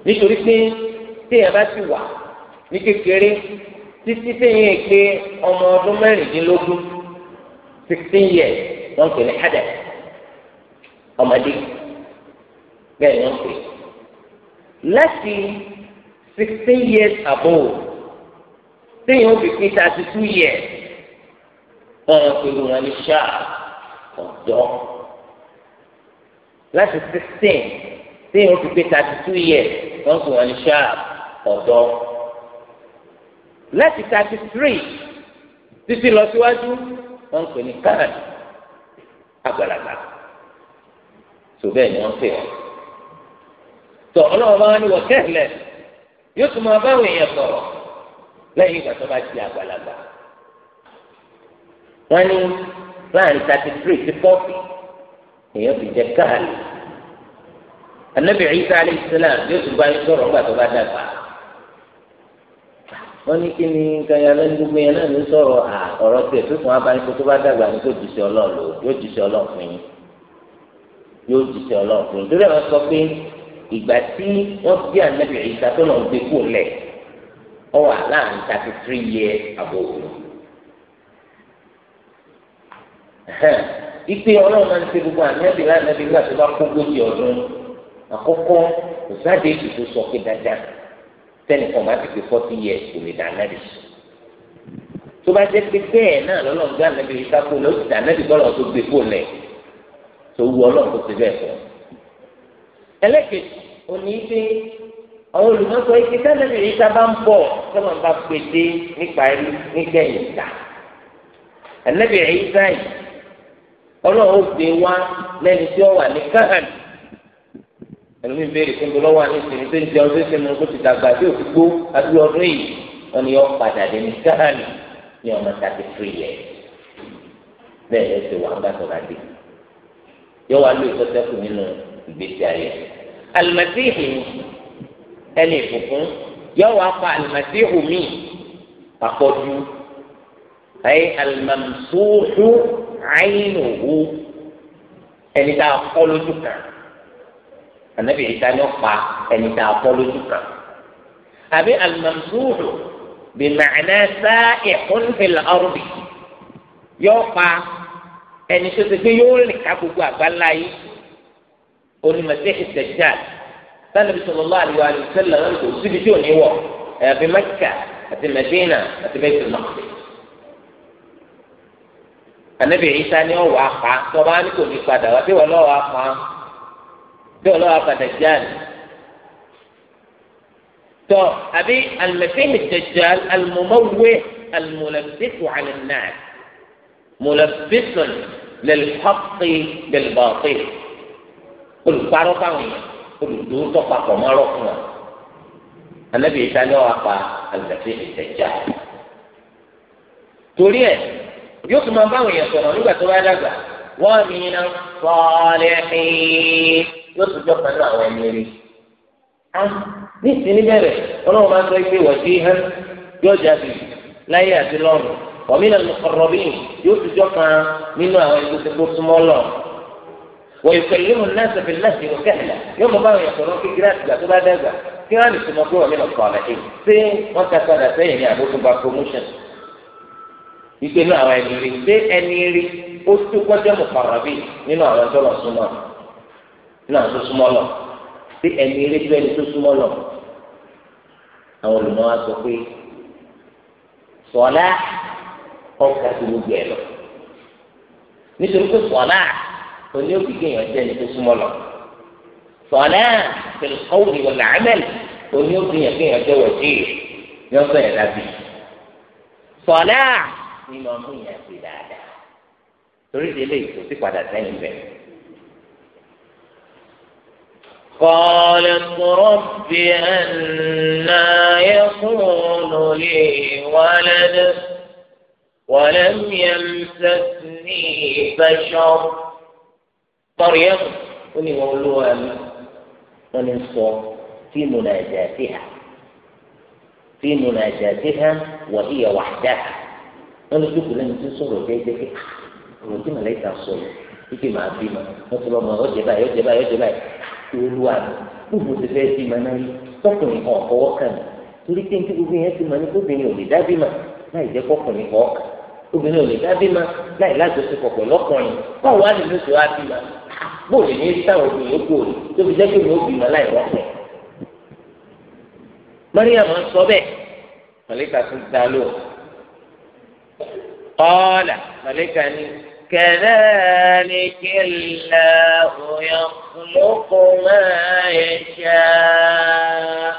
nítorí pé téèyàn bá ti wà ní kékeré títí téèyàn pé ọmọ ọdún mẹ́rìndínlógún sixteen years wọ́n ń ní hadà ọmọdé bẹ́ẹ̀ ni wọ́n pè láti sixteen years ago, téèyàn fi pín thirty two years ọ̀hún pẹ̀lú wọn ní ṣáà ọ̀dọ́ láti sixteen téèyàn fi pín thirty two years wọ́n pẹ̀lú wọn ní ṣáà ọ̀dọ́ láti thirty three títí lọ síwájú wọ́n pè ní khan àgbàlagbà tó bẹ́ẹ̀ ni wọ́n pè wọ́n tọ́ ọlọ́run máa ń wọ kẹ́hìnlẹ́sì yóò tún máa báwọn èèyàn sọ̀rọ̀ lẹ́yìn ìgbà tó bá ti àgbàlagbà wọ́n ní láàrin thirty three sí forty èèyàn ti jẹ káàlì anabi Isa alayhi salam yóò tún bá yín sọ̀rọ̀ nígbà tó bá dàgbà wọ́n ní kí ni kanyalẹ ń dúgbò yẹn náà ní sọ̀rọ̀ à ọ̀rọ̀ tiẹ̀ tó fún abáyíkó tó bá dàgbà ní kó jùsẹ Ọlọ́run lò yóò jùsẹ Ọlọ́run yóò jùsẹ Ọlọ́run torí àwọn sọ pé ìgbà tí wọ́n gbé ànábì ìsá tó lọ gbé kú lẹ̀ ọ wà láàrin thirty three years ago. ìpè ọlọ́run máa ń ṣe gbogbo ànábì láànábì nígbà tó bá kó gbòdì ọdún àkọ́kọ́ kò sáde ètùtù sọ pé dáadáa tẹnìkan ti pé forty years kò lè dá ànábì sùn tó bá jẹ́ pé bẹ́ẹ̀ náà lọ́lọ́run gbé ànábì yìí sáko lọ sí ànábì bọlọ tó gbé kó lẹ tó wu ọlọ́run tó ti bẹ́ẹ̀ fọ. ẹlẹ́kẹ̀ẹ́sì òní pé àwọn olùmọ̀sọ ike sẹ́lẹ̀mì yìí sábà ń bọ̀ sọ́mọ̀ bá pété nípa ẹ̀rí nígbẹ̀yìn ìgbà ẹ̀lẹ́bì yìí sáyìn ọlọ́run ó gbé wá lẹ́ni tí ó wà ní káhàn ẹlòmíì béèrè fún mi lọ́wọ́ àti ìsinmi tó ń jẹ ọdún ìsinmi kó ti dàgbà tí òkú àti ọdún yìí wọn ni ó padà dé ní káhàn ní ọmọ thirty three years bẹ́ẹ̀ ẹ ti wà ń bá sọ̀rọ̀ àdé yóò wá lóye tó sẹ́kù nínú ìgbésí ayé alimasihi ẹni ìbùkún yóò wá pa alimasihu mi àpọ̀jù ayé alimamsuhu ayéluhu ẹni tá a kọ́ lójú kan anabi yìí sani ọ̀pá ẹni tá a kọ́ lójú kan àbí alimamsuhu bí màánà sáà ìkúnfìlà ọ̀rùbì yóò pa ẹni tó ti gbé yóò rìn ká gbogbo àgbáńlá yìí. قل المسيح الدجال فالنبي صلى الله عليه وآله وسلم قال سجدوني هو في مكة في المدينة في بيت المقدس النبي عيسى نيو واقع طبعا نكون في قادة وفي ولا واقع دو لا واقع دجال أبي المسيح الدجال المموه الملبس على الناس ملبس للحق بالباطل olùparọ́ káwọn yẹn olùdó tọpapọ̀ mọ́rọ́ fún wa anabi ìtàlẹ́ wa pa àgbàtì ìtẹ̀já torí ẹ yóò tún máa báwọn yẹn sọ̀rọ̀ nígbà tó bá dàgbà wọ́n mi iná fọ́ọ́lẹ́ ẹ̀ẹ́n yóò tún jọ pẹ̀lú àwọn ẹni rí ah, ní ìsinmi bẹ̀rẹ̀ ọlọ́run máa ń sọ pé wọ́ọ̀dì hàn yóò jáde láyé àti lọ́run ọ̀mìnà lọ́rọ̀ bí yóò tún jọ kan nínú àwọn ẹgbẹ́ tó súnmọ́ lọ́run. ويكلم الناس في المهد وكهلا يوم ما يقولون في جراس لا تبقى دازا كان يسمى من الصالحين سي وانت كذا سي يعني ابو تبقى بروموشن يقولون او انيري سي انيري استوى جمع قربي من على دولة سمال نعم سمال سي انيري بين سمال او لما سوفي صلاح او كاتبو جيلو nítorí pé òní òkìkí yẹn jẹ́ ní tó súnmọ́ lọ. sọ̀lá tẹlifóònù wọ̀ làámẹ́lì òní òkìkí yẹn kí yẹn jẹ́ wọ̀sí yọ sọ yẹn lábì. sọ̀lá ni màá mú yẹn pè dáadáa torí délé kò sí padà sẹ́yìn bẹ́ẹ̀. قالت رب أنا يكون لي ولد ولم يمسسني بشر mọ́ríyàmù ó ní wọn olúwa mi wọn ní sọ fi munajatiha fi munajatiha wa hiya wahdaha wọn ní dúkùú lẹ́nu tó sọ̀rọ̀ déédéé kí ah, ọ̀rọ̀ tí màlẹ́ta sọ̀rọ̀ ike màá bí ma wọn ti lọ mọ ọjẹ báyìí ọjẹ báyìí ọjẹ báyìí olúwa mi gbogbo ti fẹ́ bí ma náà yí tọkùnrin kan ọ̀fọwọ́ kàn mí torí pé nítorí gbogbo yẹn ti ma ní kóbìnrin ò lè dá bí ma láì jẹ́ kọkùnrin kan ọkàn obìnrin ò lè dá bí ma láì lájọsí pọ̀ pẹ̀lú ọkùnrin báwo wá lè lóṣù wá bóòlù ní sáwọn obìnrin kú òní tó fi jẹ́ pé mi ò bímọ láì rọ́pọ̀. Mariam sọ bẹ́ẹ̀ màlíkà tún dá lò kọ́ọ̀là màlíkà ni كذلك الله يخلق ما يشاء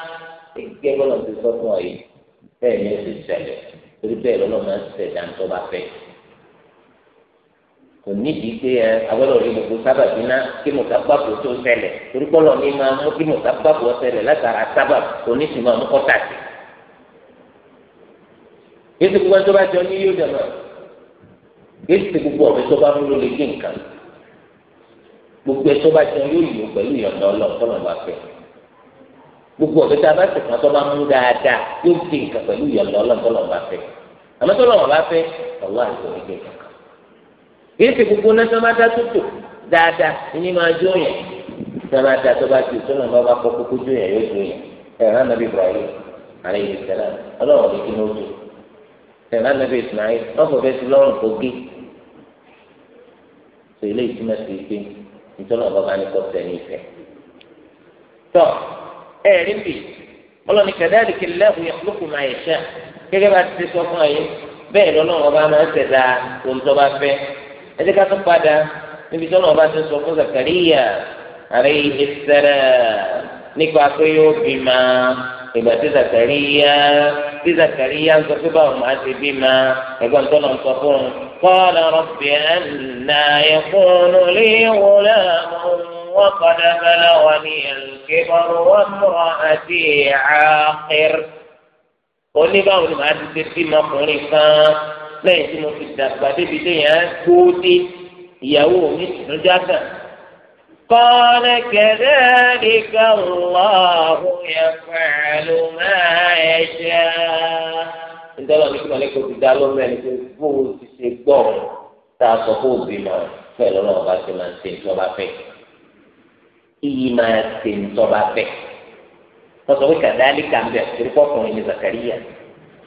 ìgbẹ́ bọ́lá ti sọ fún ọ yìí bẹ́ẹ̀ ni ó ti ṣẹlẹ̀ torí bẹ́ẹ̀ lọ́lọ́ máa ń ṣẹ̀dá tó bá fẹ́ kò nídìí pé ẹ agbọ́dọ̀ rí gbogbo sábàbí ná kí mùsàgbàbò tó ṣẹlẹ̀ torí pọ́lọ̀ ní máa mú kí mùsàgbàbò ṣẹlẹ̀ látara sábàbí oníṣìí máa mú kọ́tà sí. yéésì gbogbo ẹni tó bá jọ ní yóò dẹ̀ máa yéésì gbogbo ọ̀bẹ tó bá mú ló lè gé nǹkan gbogbo ẹ tó bá jọ yóò yọ pẹ̀lú ìyọ̀dọ̀ ọlọ́ọ̀tọ́lọ̀ bá fẹ́ gbogbo ọ̀bẹ tá a bá sèkàn tó bá mú dáadáa yóò gé nǹkan pẹ̀lú ìyọ̀dọ̀ kìí ṣe gbogbo náà sábà dá tó tò dáadáa ní máa jó yẹn sábà dá tó bá ti tó náà bá kọ́ kókó jó yẹn yóò jó yẹn ẹ̀rọ anabi ibrahim aleyhi salam ọlọ́run ní kí ló tó ẹ̀rọ anabi ismail ọ̀fọ̀ bẹ́ẹ̀ ti lọ́rùn kó gé tó ilé ìtumọ̀ sí pé nítorí ọ̀bá bá ní kọ́ tẹ̀ ní ìfẹ́ tọ́ ẹ̀rí bì ọlọ́ni kẹ̀dáàdì kìlẹ̀ ọ̀hún lókun máa yẹ̀ ṣá gẹ́gẹ́ bá ti sọ fún ẹ̀yìn ẹ jẹ́ ká tún padà níbi tí ọlọ́run bá ti sọ fún Zakariya alayhi salam nípa pé yóò bímọ ìgbà tí Zakariya tí Zakariya ń sọ pé báwo máa ti bímọ ẹ̀gbọ́n tó náà ń sọ fún un qala rabbi anna yakunu li ghulamun wa qad balaghani al-kibar wa imra'ati 'aqir oníbàwò ni màá ti ṣe bímọ ọkùnrin kan lẹ́yìn tí mo fi dàgbà débi téèyàn gbóòdì ìyàwó mi tìǹú jáde. قال كذلك الله يفعل ما يشاء nítorí wọn ní kí wọn lè kó ti dá lọ́mọ ẹni pé bó o ti ṣe gbọ́ ọ tá a sọ fún òbí mọ fẹ́ lọ́nà ọba ti máa ń ṣe nítorí fẹ́ iyì máa ṣe nítorí fẹ́ wọ́n sọ pé kàdáálì kàmbẹ̀ torí pọ́kùnrin ní Zakariya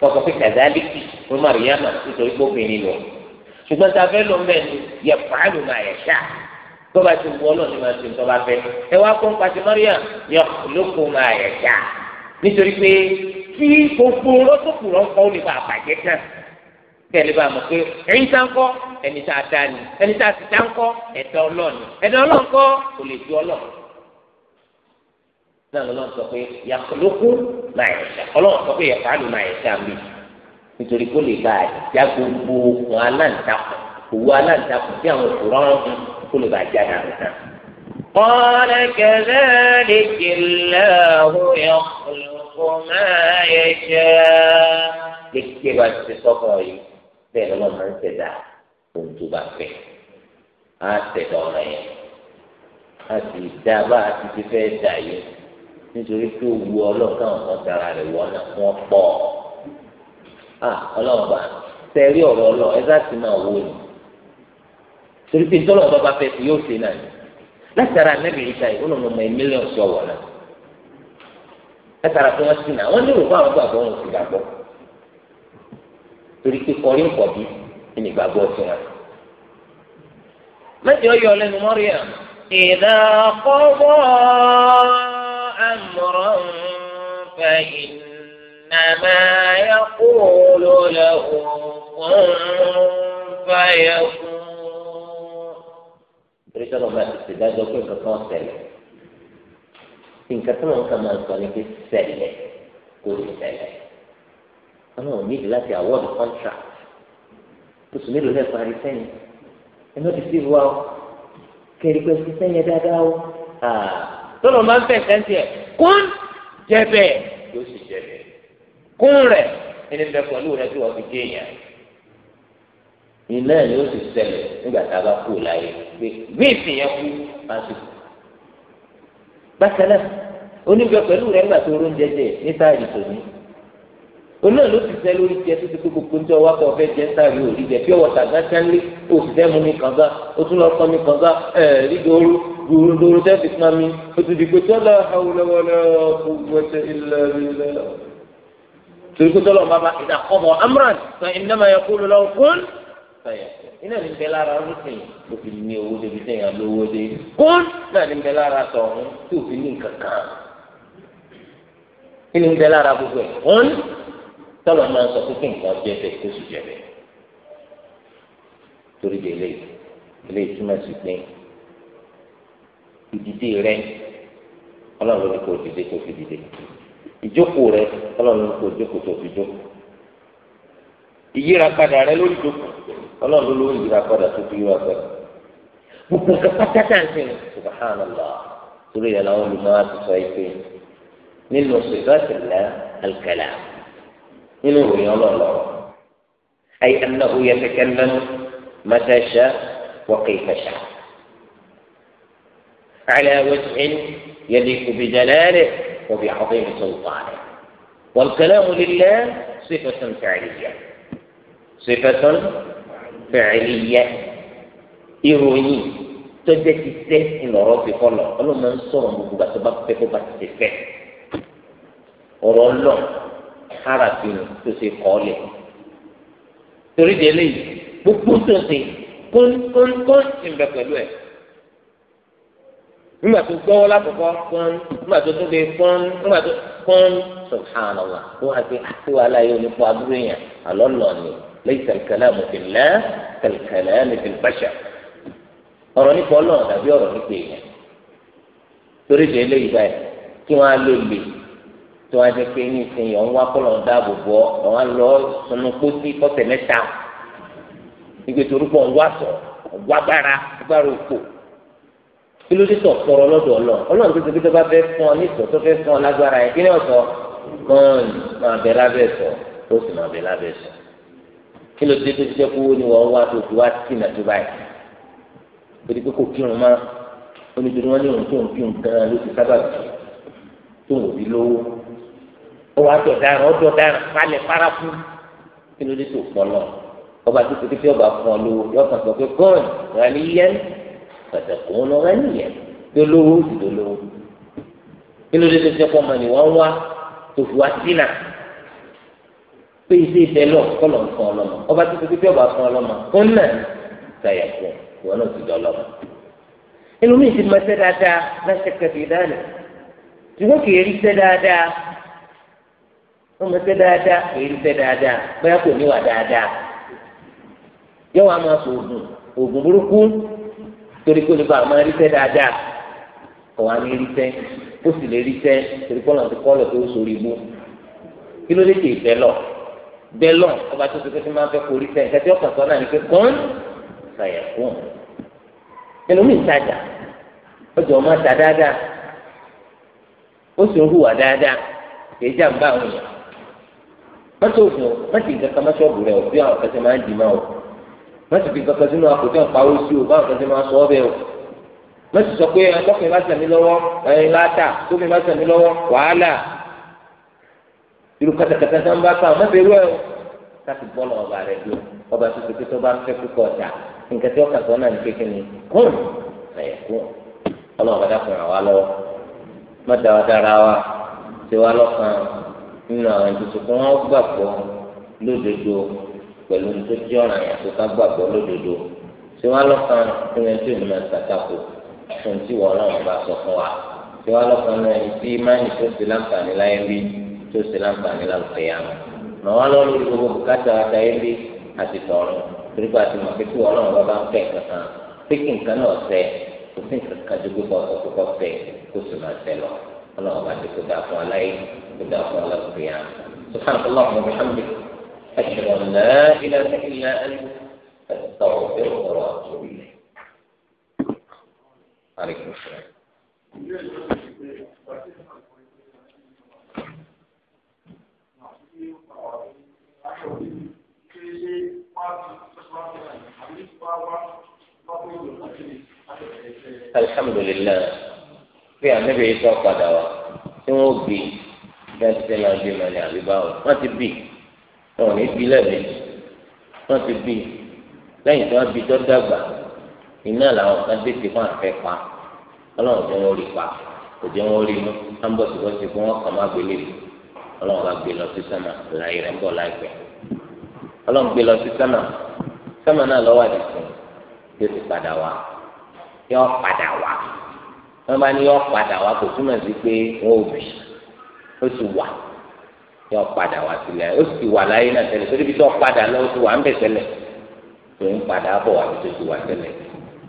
tọkọ pé kàdálíkì ló má rí yàmà nítorí gbóbìnrin lọ ṣùgbọ́n tá a fẹ́ lọ mẹ́rin yẹ fàálù máa yẹ ṣá tó bá ti wọ ọlọ́ọ̀ni máa ti tọ́ bá fẹ́ ẹ wá kó ń pàṣẹ Mariam yẹ lóko máa yẹ ṣá nítorí pé tí gbogbo lọ́sọ̀kù lọ́kọ́ ó lè bá àbàjẹ́ tán kẹ́lẹ́ bá mọ̀ pé ẹ̀yin tá ń kọ́ ẹni tá a dá ni ẹni tá a ti dá ń kọ́ ẹ̀dá ọlọ́ọ̀ni ẹ̀dá ọlọ́ọ̀kọ́ náà lọ́nà sọ pé yàkọlókù máa yẹ ṣá ọlọ́run sọ pé yàkọlù máa yẹ ṣá mi nítorí kó lè bá a já gbogbo òkun aláǹtakùn òwú aláǹtakùn tí àwọn òkú rọrùn kó lè bá a já dànù náà. قال كذلك الله يخلق ما يشاء kékeré bá ti sọ fún ọ yìí bẹ́ẹ̀ lọ́wọ́ máa ń ṣẹ̀dá ohun tó bá fẹ́ á ṣẹ̀dá ọ̀rọ̀ yẹn á sì dá bá a ti ti fẹ́ dà yìí nítorí pé wu ọlọ́ọ̀kan kan dára rẹ̀ wọ́n náà wọ́n pọ̀ à ọlọ́ọ̀bà tẹ̀rí ọ̀rọ̀ ọlọ́ ẹ bá ti máa wò ni torí pé tọ́lọ̀ bá bá fẹ́ fi yóò ṣe náà ni látara anábì ìta yìí olùmọ̀ ọmọ mílíọ̀nù sí ọ̀wọ̀ náà látara pé wọ́n sì náà wọ́n lérò fún àwọn gbàgbọ́ wọn sì gbàgbọ́ torí pé kọrí ń kọ̀ bí ẹni gbàgbọ́ sí wọn. mẹ́jọ أمرا فإنما يقول له كن فيكون torí sọ́dọ̀ bá ti ṣèdájọ́ pé nǹkan kan ṣẹlẹ̀ nǹkan tí wọ́n kà máa ń sọ ni pé ṣẹlẹ̀ kò ní ṣẹlẹ̀ wọn ò nídìí láti award contract oṣù mélòó lẹ́ẹ̀kan àrí sẹ́yìn ẹni ó ti sí wa ó kẹrí pé ṣiṣẹ́ yẹn dáadáa ó tọ́lọ̀ máa ń fẹ̀ sẹ́ńtì ẹ̀ kún jẹ́bẹ̀ yóò sì jẹ́bẹ̀ kún rẹ̀ ẹni bẹ pẹ̀lú rẹ̀ tí wọ́n fi dé yẹn iná yóò sì ṣẹlẹ̀ nígbà tá a bá kú láyé pé bí ìsìn yẹn kú máa ti kú. bákan náà oníbẹ̀ pẹ̀lú rẹ̀ nígbà tó rún jẹjẹ ní táàrí tòní onáà ló ti sẹ lórí jẹ tó ti kó gbogbo ní ọwọ́ akọ fẹ jẹ sáré òrí jẹ pure water gánṣẹ òsì gbòòrò tẹ́ fi pọn mi o ti di pé tọ́lá àwòlẹ́wọ́lẹ́ ọ̀gbọ̀tẹ́ ilẹ̀ ilẹ̀ torí pé tọ́lá ọba bá ìdá kọ́mọ amran sọ ìnáma yẹ kó lọ́wọ́ kún sọyà iná ní bẹ lára rúfin ló fi ní owó débi sẹ́yìn alówó dé kún náà ní bẹ lára sọ̀hún tí òfin ní kankan kí ni bẹ lára gbogbo ẹ̀ kún tọ́lá máa sọ pé kí nǹkan jẹ́ bẹ́ẹ̀ kó sì jẹ́ bẹ́ẹ̀ torí de eléyìí eléyìí túmọ̀ sí pé ìdìde rẹ ọlọ́run ní kò dìde tó fi dìde ìjókòó rẹ ọlọ́run ní kò jókòó tó fi jókòó ìyíra padà rẹ lórí jókòó ọlọ́run ló ń yíra padà tó fi yíra padà gbogbo nǹkan pátákà ń sìn subhanallah torí ẹ̀ làwọn olùmọ̀ọ́ ti sọ yìí pé nínú sèkọ́sì lẹ́ nínú ìròyìn ọlọ́ọ̀lọ́wọ́ ayé anáwó yẹ kẹkẹ́ lẹ́nu mẹ́tẹ́ṣẹ́ wọ́kẹ́ ìfẹ́ṣẹ́. على وجه يليق بجلاله وبعظيم سلطانه والكلام لله صفة فعلية صفة فعلية إيروني تجد السيف إن ربي قال قال من صوم بقى سبب بقى السيف ورلون حرفين تسي قولي تريد لي بقى كن كن كن إن بقى nígbà tó gbọ́wọ́ lákòókò pọ́n nígbà tó tún lè pọ́n nígbà tó pọ́n subhanallah tó wá sí ah, àti wàhálà yìí onípo abúlé yẹn àlọ́ lọ ni lẹ́yìn kẹlẹ́kẹlẹ́ mùsùlùmẹ́ kẹlẹ́kẹlẹ́ ní fìlbàṣà ọ̀rọ̀ nípa ọlọ́run tàbí ọ̀rọ̀ nípa èèyàn torí ìdè eléyìí báyìí kí wọ́n á lò lè tó wá jẹ́ pé ní ìsinyìí ọ̀hún wá kọ́lọ̀ dáàbò kí ló dé tọ̀ kọ̀rọ̀ lọ́dọ̀ ọlọ́ ọlọ́run tó ti gbé tó bá fẹ́ fún ọ ní ìtọ̀ tó fẹ́ fún ọ lágbára yẹn kí ni ọ̀sọ́ kàn máa bẹ lábẹ́ sọ ó sì máa bẹ lábẹ́ sọ kí ló dé tó ti jẹ́ kó ní wọ́n wá tó ti wá sí ìnàjú báyìí torí pé kò kírun má onídìrí wọn ní òun tó ń kírun gan ló ti sábà bì tó ń wòbí lówó ó wá dọ̀ dáràn ó dọ̀ dáràn palẹ̀ paraku kí tó pọ̀ lọ ọba tó ti fi ọba fún ọ lówó yọ فتكون غنيا دلوه دلوه inú ló ti kọ́ ọmọ ni wọ́n wá tòfu asínà pé iṣẹ́ ìfẹ́ lọ kọ́lọ̀ ń fún ọlọ́mọ ọba tó ti pípẹ́ ọba fún ọlọ́mọ fún náà sàyà fún ìwọ náà ti dọ́ ọlọ́mọ. ẹlòmíì ti máa ṣe dáadáa láṣẹ kẹfì dání ṣùgbọ́n kì í rí ṣe dáadáa wọ́n máa ṣe dáadáa kì í rí ṣe dáadáa bóyá kò níwà dáadáa yọ̀wọ́ a máa sọ oògùn oògùn burúkú torí kó lè ba àmọ́ ẹrísẹ́ dáadáa ọ̀wá ní ẹrísẹ́ ó sì lè rísẹ́ torí kọ́ lọ́n ti kọ́ lọ́ tó sórí ibú kí ló dé tè bẹ́ lọ bẹ́ lọ ọba tó ti pé tí máa fẹ́ kó rísẹ́ nǹkan tí ọkàn sọ náà ni pé kún ṣàyẹ̀ kún ẹnu mi ń tajà ọjọ́ máa ta dáadáa ó sì ń hùwà dáadáa kì í jàǹbá àwọn èèyàn mọ́tò òfin mọ́tò ìjọba mọ́tò ọ̀bùrẹ̀ òfin àwọn kẹsẹ̀ máa ń dì máa wọ̀ má sì fi kankan sínú àkótẹ́ ìpawó sí o báwọn kan ti máa sọ ọ́ bẹ́ẹ̀ o má sì sọ pé ọlọ́kùnrin bá sẹ̀mí lọ́wọ́ ẹ̀yin láta tóbi bá sẹ̀mí lọ́wọ́ wàhálà irú kàtàkàtà tó ń bá kà má bẹ̀rù ẹ̀ o káfí bọ́ọ̀lù ọba rẹ̀ bí o ọba tó ti pé tó bá fẹ́ púpọ̀ ọ̀tà nǹkan tí ọkà sọ náà ní kékeré kún ẹ̀yẹ kún ọlọ́run bá dákun àwa lọ́wọ́ má dáwà dára wa ṣe lọ́kàn nínú àwọn ìdòtò pẹ̀lú tó jẹ́ ọ̀ràn yẹn tó ká gbàgbọ́ lódodo tí wọ́n lọ́kàn tí wọ́n ti mú ṣàtàkù fún tí wọ́n náà bá sọ fún wa tí wọ́n lọ́kàn náà ẹni tí tó ṣe láǹfààní láyé bí tó ṣe láǹfààní láǹfààyà mọ̀ wọ́n lọ́ lórí gbogbo bùkátà àtàyé bí àti tọ̀run torípa àti mọ̀ pé tí wọ́n náà bá ń fẹ́ kankan pé kí nǹkan náà fẹ́ أشهد أن لا إله إلا أنت أستغفر وأتوب إليك عليكم السلام الحمد لله في أن النبي صلى الله عليه وسلم يقول لك أنا أبي بكر wọn ò ní bí lẹ́ẹ̀mejì wọn ti bí lẹ́yìn tí wọ́n bí tó dàgbà iná làwọn kan tètè fún àfẹ́ pa ọlọ́run tó wọ́n rí pa kò jẹ́ wọ́n rí mú á ń bọ̀ sí bọ́sí fún wọn kàn má gbélé ọlọ́run bá gbé lọ sí sámà láyé rẹ̀ ń bọ̀ láìpẹ́ ọlọ́run gbé lọ sí sámà sámà náà lọ́wọ́ àdìsìn yóò ti padà wá yóò padà wá bá ní yóò padà wá kò túmọ̀ sí pé wọ́n ò bì ó sì wà. yọ padà wá sílẹ̀ ó sì wà láyé náà tẹ́lẹ̀ torí padà lọ sí wà ń bẹ̀ tẹ́lẹ̀ tó ń padà bọ̀ wá wà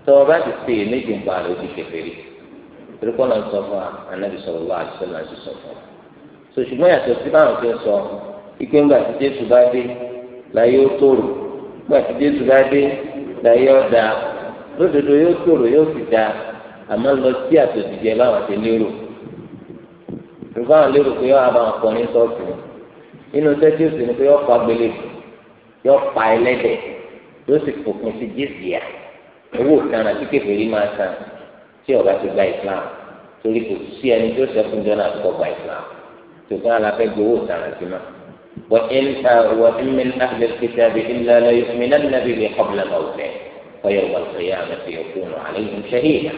tó o bá ti ń ó ti kẹfẹ́ rí torí kọ́ náà sọ fún wa anábì sọ̀rọ̀ wá náà ti sọ fún wa so yàtọ̀ sí báwọn fi sọ ike ńgbà tí Jésù bá dé láyé ó tòrò ńgbà tí Jésù bá dé láyé ó dáa lódodo yóò tòrò yóò sì àmọ́ lọ sí láwọn ti lérò inú sẹ́tí òsì ni pé yọ pa gbélébù yọ pa ẹlẹ́dẹ̀ yóò sì fòpin sí jésìá owó ìtara tí kèfèrí máa san tí ọba ti gba islam torí kò sí ẹni tó sẹ́kùn jọ náà kọ́ gba islam tó kọ́ aláfẹ́ gbé owó ìtara sí ma. وإن وإن من أهل الكتاب إلا ليؤمنن به قبل موته ويوم القيامة يكون عليهم شهيدا.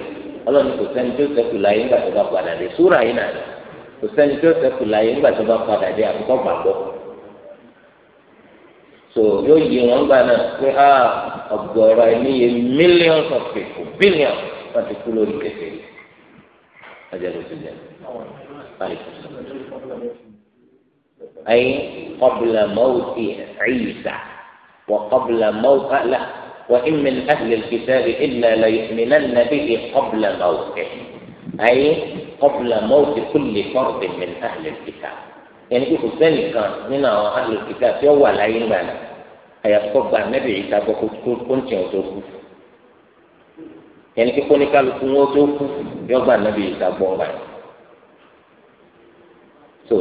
الله نقول سنجد لا ينبغي أن سورة هنا kò sẹ́ni tí ó ṣẹ́kù láyé nígbà tó bá padà dé àbíkọ́ gbàgbọ́ so yóò yí wọn gbà náà pé a ah, ọ̀gọ̀ọ̀rọ̀ ẹni yẹ millions of people billions wọn ti kú lórí kẹfẹ yìí ọjà ló ti jẹ ayi qabla mawti Isa wa qabla mawti ala wa in min ahli al-kitabi illa la yu'minanna bihi qabla mawtihi ayi qabla mawti kulli fardin min ahli al-kitab yẹn kí kò sẹ́nìkan nínú àwọn ahli al-kitab tí ó wà láyé ńgbà náà àyàfọ́ gba nẹ́bí ìta gbọ́ kó ń tiẹ̀ tó kú yẹn kí kóníkálukú wọn tó kú yọ gba nẹ́bí ìta gbọ́ ńgbà náà so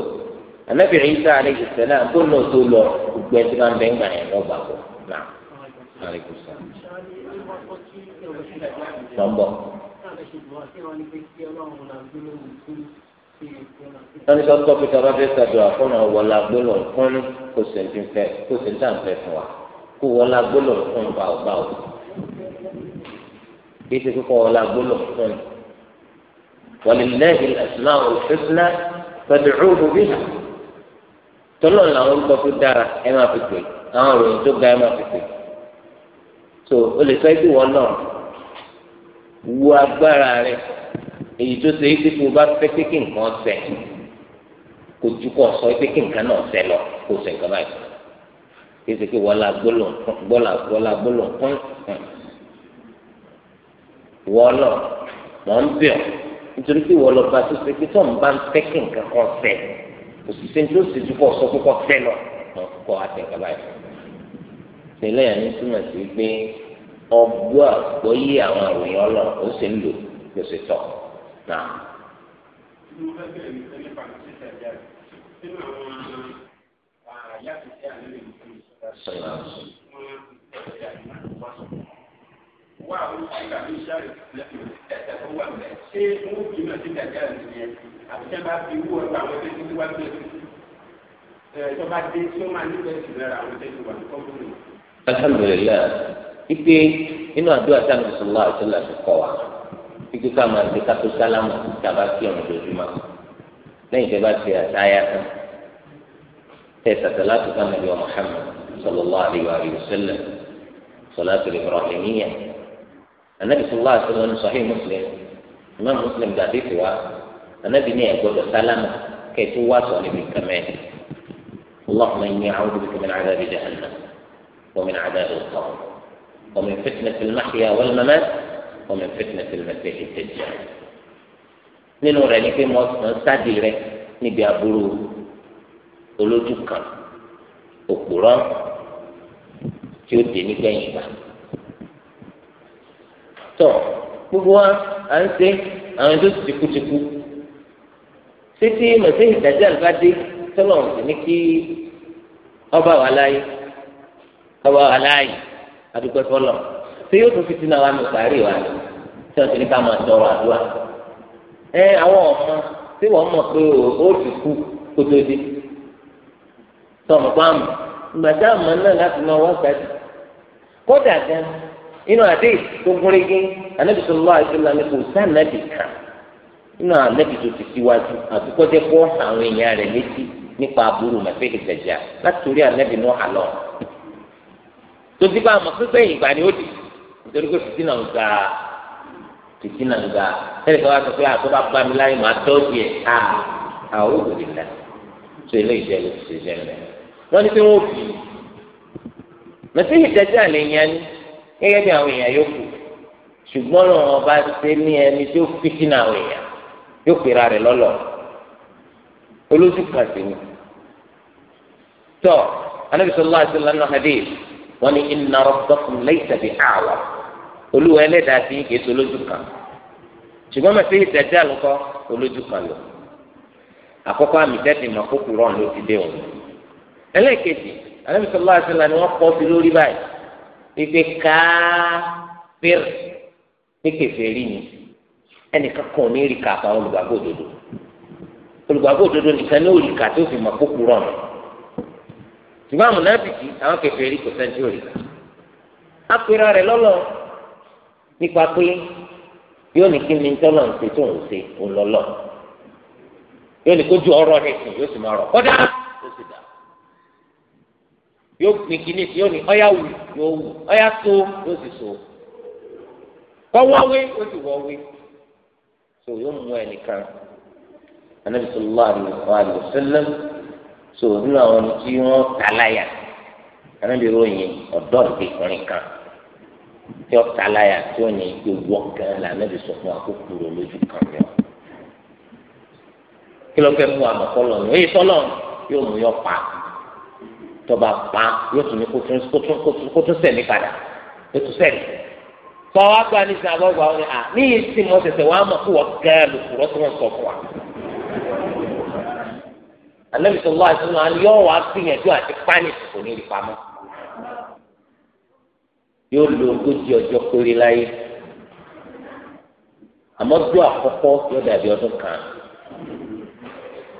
anabi isa aleyhi salam tó nà tó lọ gbogbo ẹtí máa ń bẹ ńgbà yẹn lọgbà bọ náà wọ́n ní sọ́tọ́ pé tí a bá fẹ́ ṣàdúrà fún ọ wọlá gbólọ̀ fún kò sì ń fẹ́ kò sì ń tà ń fẹ́ fún wa kó wọlá gbólọ̀ fún báwò báwò kí ṣe kókó wọlá gbólọ̀ fún walillahi al-asma'ul husna fad'uhu biha tọ́lọ̀ làwọn orúkọ tó dára ẹ máa fi pè àwọn òròyìn tó ga ẹ máa fi pè so o lè sọ ibi náà wo agbára rẹ èyí tó ṣe é pé tó o bá fẹ́ pé kí nǹkan ṣẹ kò ju kọ sọ pé kí nǹkan náà ṣẹ lọ kò ṣe nǹkan báyìí kí ṣe pé wọ́n la gbólóhùn kún wọ́n lọ mọ̀ ń bẹ̀ ọ́ nítorí pé wọ́n lọ bá tó ṣe pé tó bá ń fẹ́ kí nǹkan kan ṣẹ kò sì ṣe tó ṣe túbọ̀ sọ pé kọ́ ṣẹ lọ kọ́ àtẹ̀kọ́ báyìí. tẹ̀lé yẹn ní túmọ̀ sí pé ọgbọ́ àgbọ́yé àwọn àròyìn ọlọ́run ó sì ń lò ló sì tọ̀ náà. Wà á ipe inú àdúrà tí a nàbẹ sọlá àtúnlá ti a nabe sola atunla ati ko wa ipe ká máa ṣe kátó sálámù tá a bá kí ọmọ ojoojúmọ́ lẹ́yìn tí a bá ṣe àtàyà tán tẹ sate lati ká nàbẹ Muhammad sọlọlá àríwá àríwá sẹlẹ sọlá tó lè rọ ẹnìyàn anabi sọlá àtúnlá ní sọhí Muslim imo Muslim dàdí ti wa anabi ní ẹgbọdọ sálámù kẹtù wá sọ níbi kàmẹ اللهم إني أعوذ بك من عذاب جهنم ومن عذاب القبر ومن فتنة المحيا والممات ومن فتنة المسيح الدجال nínú rẹ̀ ni pé mo sàn sáàdì rẹ̀ níbi aburú olójú kan òpùrọ́ tí ó dé nígbẹ̀yìn ìgbà tó gbogbo wa à ń ṣe àwọn tó ti kú ti kú títí mẹsẹ̀yì dájà bá dé tọ́lọ̀ ní kí ọba wà láàyè ọba wà láàyè adúpẹ́ fọlọ́ ṣé yóò tún fìtínà wa ní sàárè wa ni tí wọ́n ti ní ká máa tọrọ àdúrà ẹ àwọn ọmọ tí wọ́n mọ̀ pé ó ti kú kó tó dé tọ̀mù pàmò ìgbàdá àmọ́ náà láti náà wọ́n gbàdí kódà gan inú àdé tó gúnrégé anábì sọlọ́ àìsílá ni kò sá ànábì kan inú ànábì tó ti síwájú àbíkọ́jẹ́ kó àwọn èèyàn rẹ̀ létí nípa aburú mẹ́fẹ́ ìgbẹ̀jà láti torí ànábì náà àlọ́ tonti pa àmọ́ pípẹ́ ìgbà ni ó di nítorí pé fìtínà ń ga fìtínà ń ga ẹnì kan wá sọ pé àtọ́ ah, bá bá mi láyé màá dọ́ọ̀dì ẹ̀ ká ah, àwọn òbí la tó eléyìí jẹ́ ló ti ṣe jẹ́ mẹ́ wọ́n ní pé wọ́n bì í mẹ́sìlì jẹ́jẹ́ àlẹ́ yẹn ni gẹ́gẹ́ bí àwọn èèyàn yòókù ṣùgbọ́n lọ́wọ́ ọba ṣe ní ẹni tó fìtínà àwọn èèyàn yóò pera rẹ̀ lọ́lọ́ olóṣù kàṣẹ́ ni tọ́ anábìsọ̀ lọ́wọ́ àti lọ́nà hadith wọ́n ní inna rabbakum laysa bi a'war olúwa ẹlẹ́dàá sí kìí ṣe olójú kan ṣùgbọ́n mẹ́fẹ́ ìtẹ̀jẹ́ àlùkọ́ olójú kan lò àkọ́kọ́ àmì tẹ́tì mọ̀ kókò rọ̀ ló ti dé òun ẹlẹ́ẹ̀kejì alẹ́bísọ̀lá àṣẹlá ni wọ́n kọ́ sí lórí báyìí wípé káfíìr ní kèfèrí ni ẹnìkan kan ní rí kàfà olùgbàgbọ́ òdodo olùgbàgbọ́ òdodo nìkan ní òrìkà tó fi mọ̀ kókò rọ̀ lọ ṣùgbọ́n àwọn nábìkì àwọn kèfèrí kò sẹ́ńtúrì apẹ̀rẹ̀ rẹ̀ lọ́lọ́ nípa pé yóò ní kí ni tọ́lọ̀ ń ṣe tó ń ṣe òun lọ́lọ́ yóò ní kójú ọ̀rọ̀ rẹ̀ sùn yóò sì máa rọ̀ kọ́dá yóò sì dà yóò ní kí ni sí yóò ní ọ̀yá wù yóò wù ọ̀yá tó yóò sì so kọ́wọ́wé yóò sì wọ́wé so yóò mú ẹnìkan anabi sallallahu alayhi wa sallam so nínú àwọn ẹni tí wọ́n ta láyà anábì ròyìn ọ̀dọ́ ìdíkùnrin kan tí ó ta láyà tí ó ní ewu ọ̀gán là anábì sọ fún àkókò rẹ̀ lójú kan yọ. kí ló fẹ́ fún àmọ́kọ́lọ́ ni èyí sọ́lọ́ yóò mú yọ pa tọba pa yóò tún ní kó tún sẹ̀mí padà yóò tún sẹ̀mí tọ́wọ́ gba ní sinabọ́gba ni à ní ìsìn mọ́ sẹ̀sẹ̀ wọn á mọ̀ kó wọ́n gẹ́ẹ́ lùkùrọ́ tí wọ́n sọ fún wa anabi sọlọ àtúnú àni yóò wá gbìyànjú àti pánì kò ní ìpamọ́ yóò lo ogójì ọjọ́ péré láyé àmọ́ ọjọ́ àkọ́kọ́ yóò dàbí ọdún kan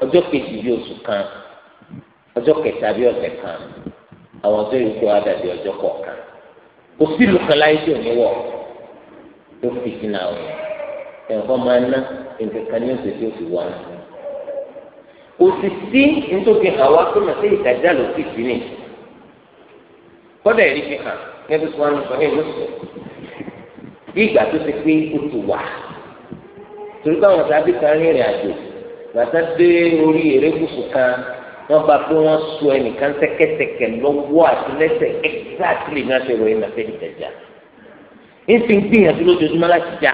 ọjọ́ kejì bí oṣù kan ọjọ́ kẹta bí ọ̀sẹ̀ kan àwọn ọjọ́ yòókù wa dàbí ọjọ́ kọ̀ọ̀kan kò sí ìlú kan láyé tí ò ní wọ tó fi sínú àwọn ẹnìkan máa ná nǹkan kan ní oṣù tí ó fi wọ àwọn kò sì sí nítorí hàn wá pé màtí ìtajà ló sì sí ni kọ́dà ẹ̀rí fi hàn níbi tí wọ́n ń sọ ní ìlú sọ bí ìgbà tó ti pé o ti wà torí báwọn sábẹ́ kan rìnrìn àjò bàtà dé orí erébùsù kan wọ́n bá pé wọ́n so ẹnìkan sẹ́kẹ́sẹ́kẹ́ lọ́wọ́ àti lẹ́sẹ̀ exactly náà ṣe ròyìn màtí ìtajà ń fi gbìyànjú lójoojúmọ́ láti já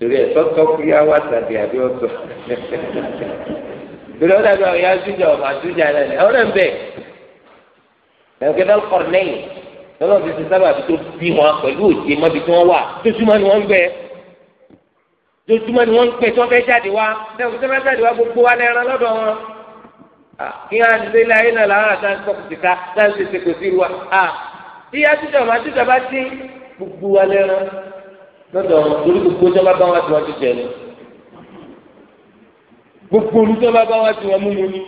torí ẹ̀ sọ́tọ́ kúrí àwa tàbí àbí ọ̀tọ̀ torí ọ̀dà bí ọ̀yà àtúnjà ọ̀mà àtúnjà náà ẹ̀ ọ̀rẹ́ ń bẹ̀ ẹ̀kẹ́dẹ́ kọ̀ lẹ́yìn lọ́nà ti ti sábà tó bí wọn pẹ̀lú òjì mọ́bi tí wọ́n wà tójúmọ́ ni wọ́n ń bẹ tójúmọ́ ni wọ́n ń pẹ̀ tí wọ́n fẹ́ jáde wá lẹ́yìn tó fẹ́ jáde wá gbogbo wa lẹ́ran lọ́dọ̀ wọn kí á lé láyé náà làwọn àtàkùn kọ̀ọ̀kì ká láti ṣe kò sí wa tí àtúnjà ọ̀mà àtúnjà bá dín gbogbo wa lẹ́ran lọ́dọ̀ lórí gbogbo tí wọ́n bá bá wọn ti wọn ti jẹ ni gbogbo olú tí wọ́n bá bá wọn ti wọn mú mu ni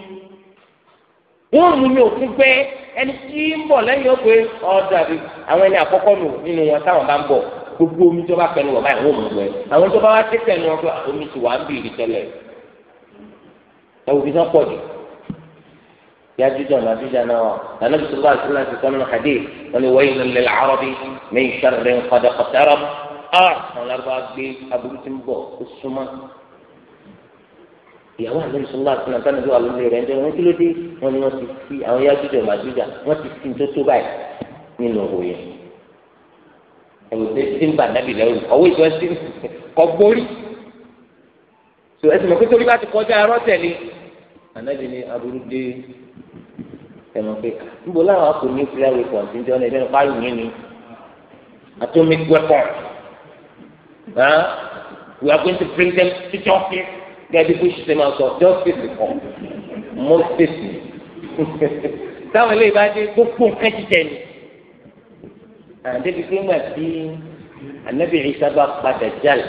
wọ́n mú mi òfin pé ẹni tí ń bọ̀ lẹ́yìn ọ̀pẹ ọ̀dà bíi àwọn ẹni àkọ́kọ́ nù nínú wọn táwọn bá ń bọ̀ gbogbo omi tí wọ́n bá pẹ̀lú wọn báyìí wọ́n mú wọn àwọn tí wọ́n bá wá tẹ́tẹ̀ ní wọn pé omi ti wà ń bì í tẹ́lẹ̀ ẹ̀wù fi sán pọ̀ jù ياجوجا وماجوجا نوا النبي صلى الله عليه وسلم في سنن حديث قال ويل للعرب من شر قد اقترب a ah, àwọn lágbára gbé aburú ti ń bọ̀ ó súnmọ́ ìyàwó àlẹ́ ìṣúná àti nàta nàbí wà lórí rẹ̀ ń jẹ́ wọ́n kí ló dé wọ́n ni wọ́n ti fi àwọn yá jíjọ màjíjà wọ́n ti fi tó tó báyìí nínú òwò yẹn ẹ̀rù tó ti ń bà nábì lẹ́rù ọwọ́ ìjọ ti ń kọ́ gbórí so ẹsìn mọ̀ pé bá ti kọjá ẹrọ tẹ̀lé ànábì ni aburú dé ẹ̀mọ̀ pé níbo láwọn akọ nuclear weapons ń jẹ́ ọ̀nà ìdẹ́nu pálí yẹn ni atomic weapons we are going to bring them to justice gẹ́gẹ́ bí them máa sọ justice kọ́ moses ni táwọn eléyìí bá dé gbogbo nǹkan jíjẹ ni àdébí pé ńgbà tí anabi isa bá padà jàl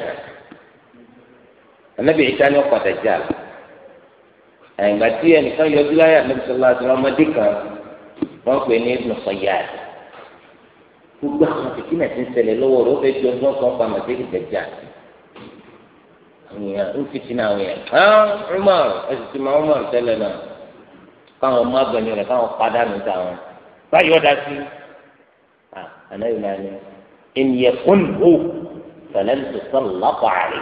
anabi isa ni ó padà jàl àyìnbá tí ẹnìkan yọjú láyé anabi sọlá àti ọmọdé kan wọn pè ní ibùsọ̀yà gbogbo àwọn kìkìnà ti ń ṣẹlẹ̀ lọ́wọ́ rẹ̀ ó fẹ́ di ọjọ́ kan pa màsíkì tẹ̀jà àwọn èèyàn ń fìtì náà àwọn èèyàn hàn Umar ẹsì ti máa Umar tẹ́lẹ̀ náà káwọn ọmọ agbẹ̀yìn rẹ̀ káwọn padànù táwọn báyìí ọ̀dà sí ànáyì náà ni ènìyàn kún hó tẹ̀lẹ́ntì sọ lọ́pọ̀ àlè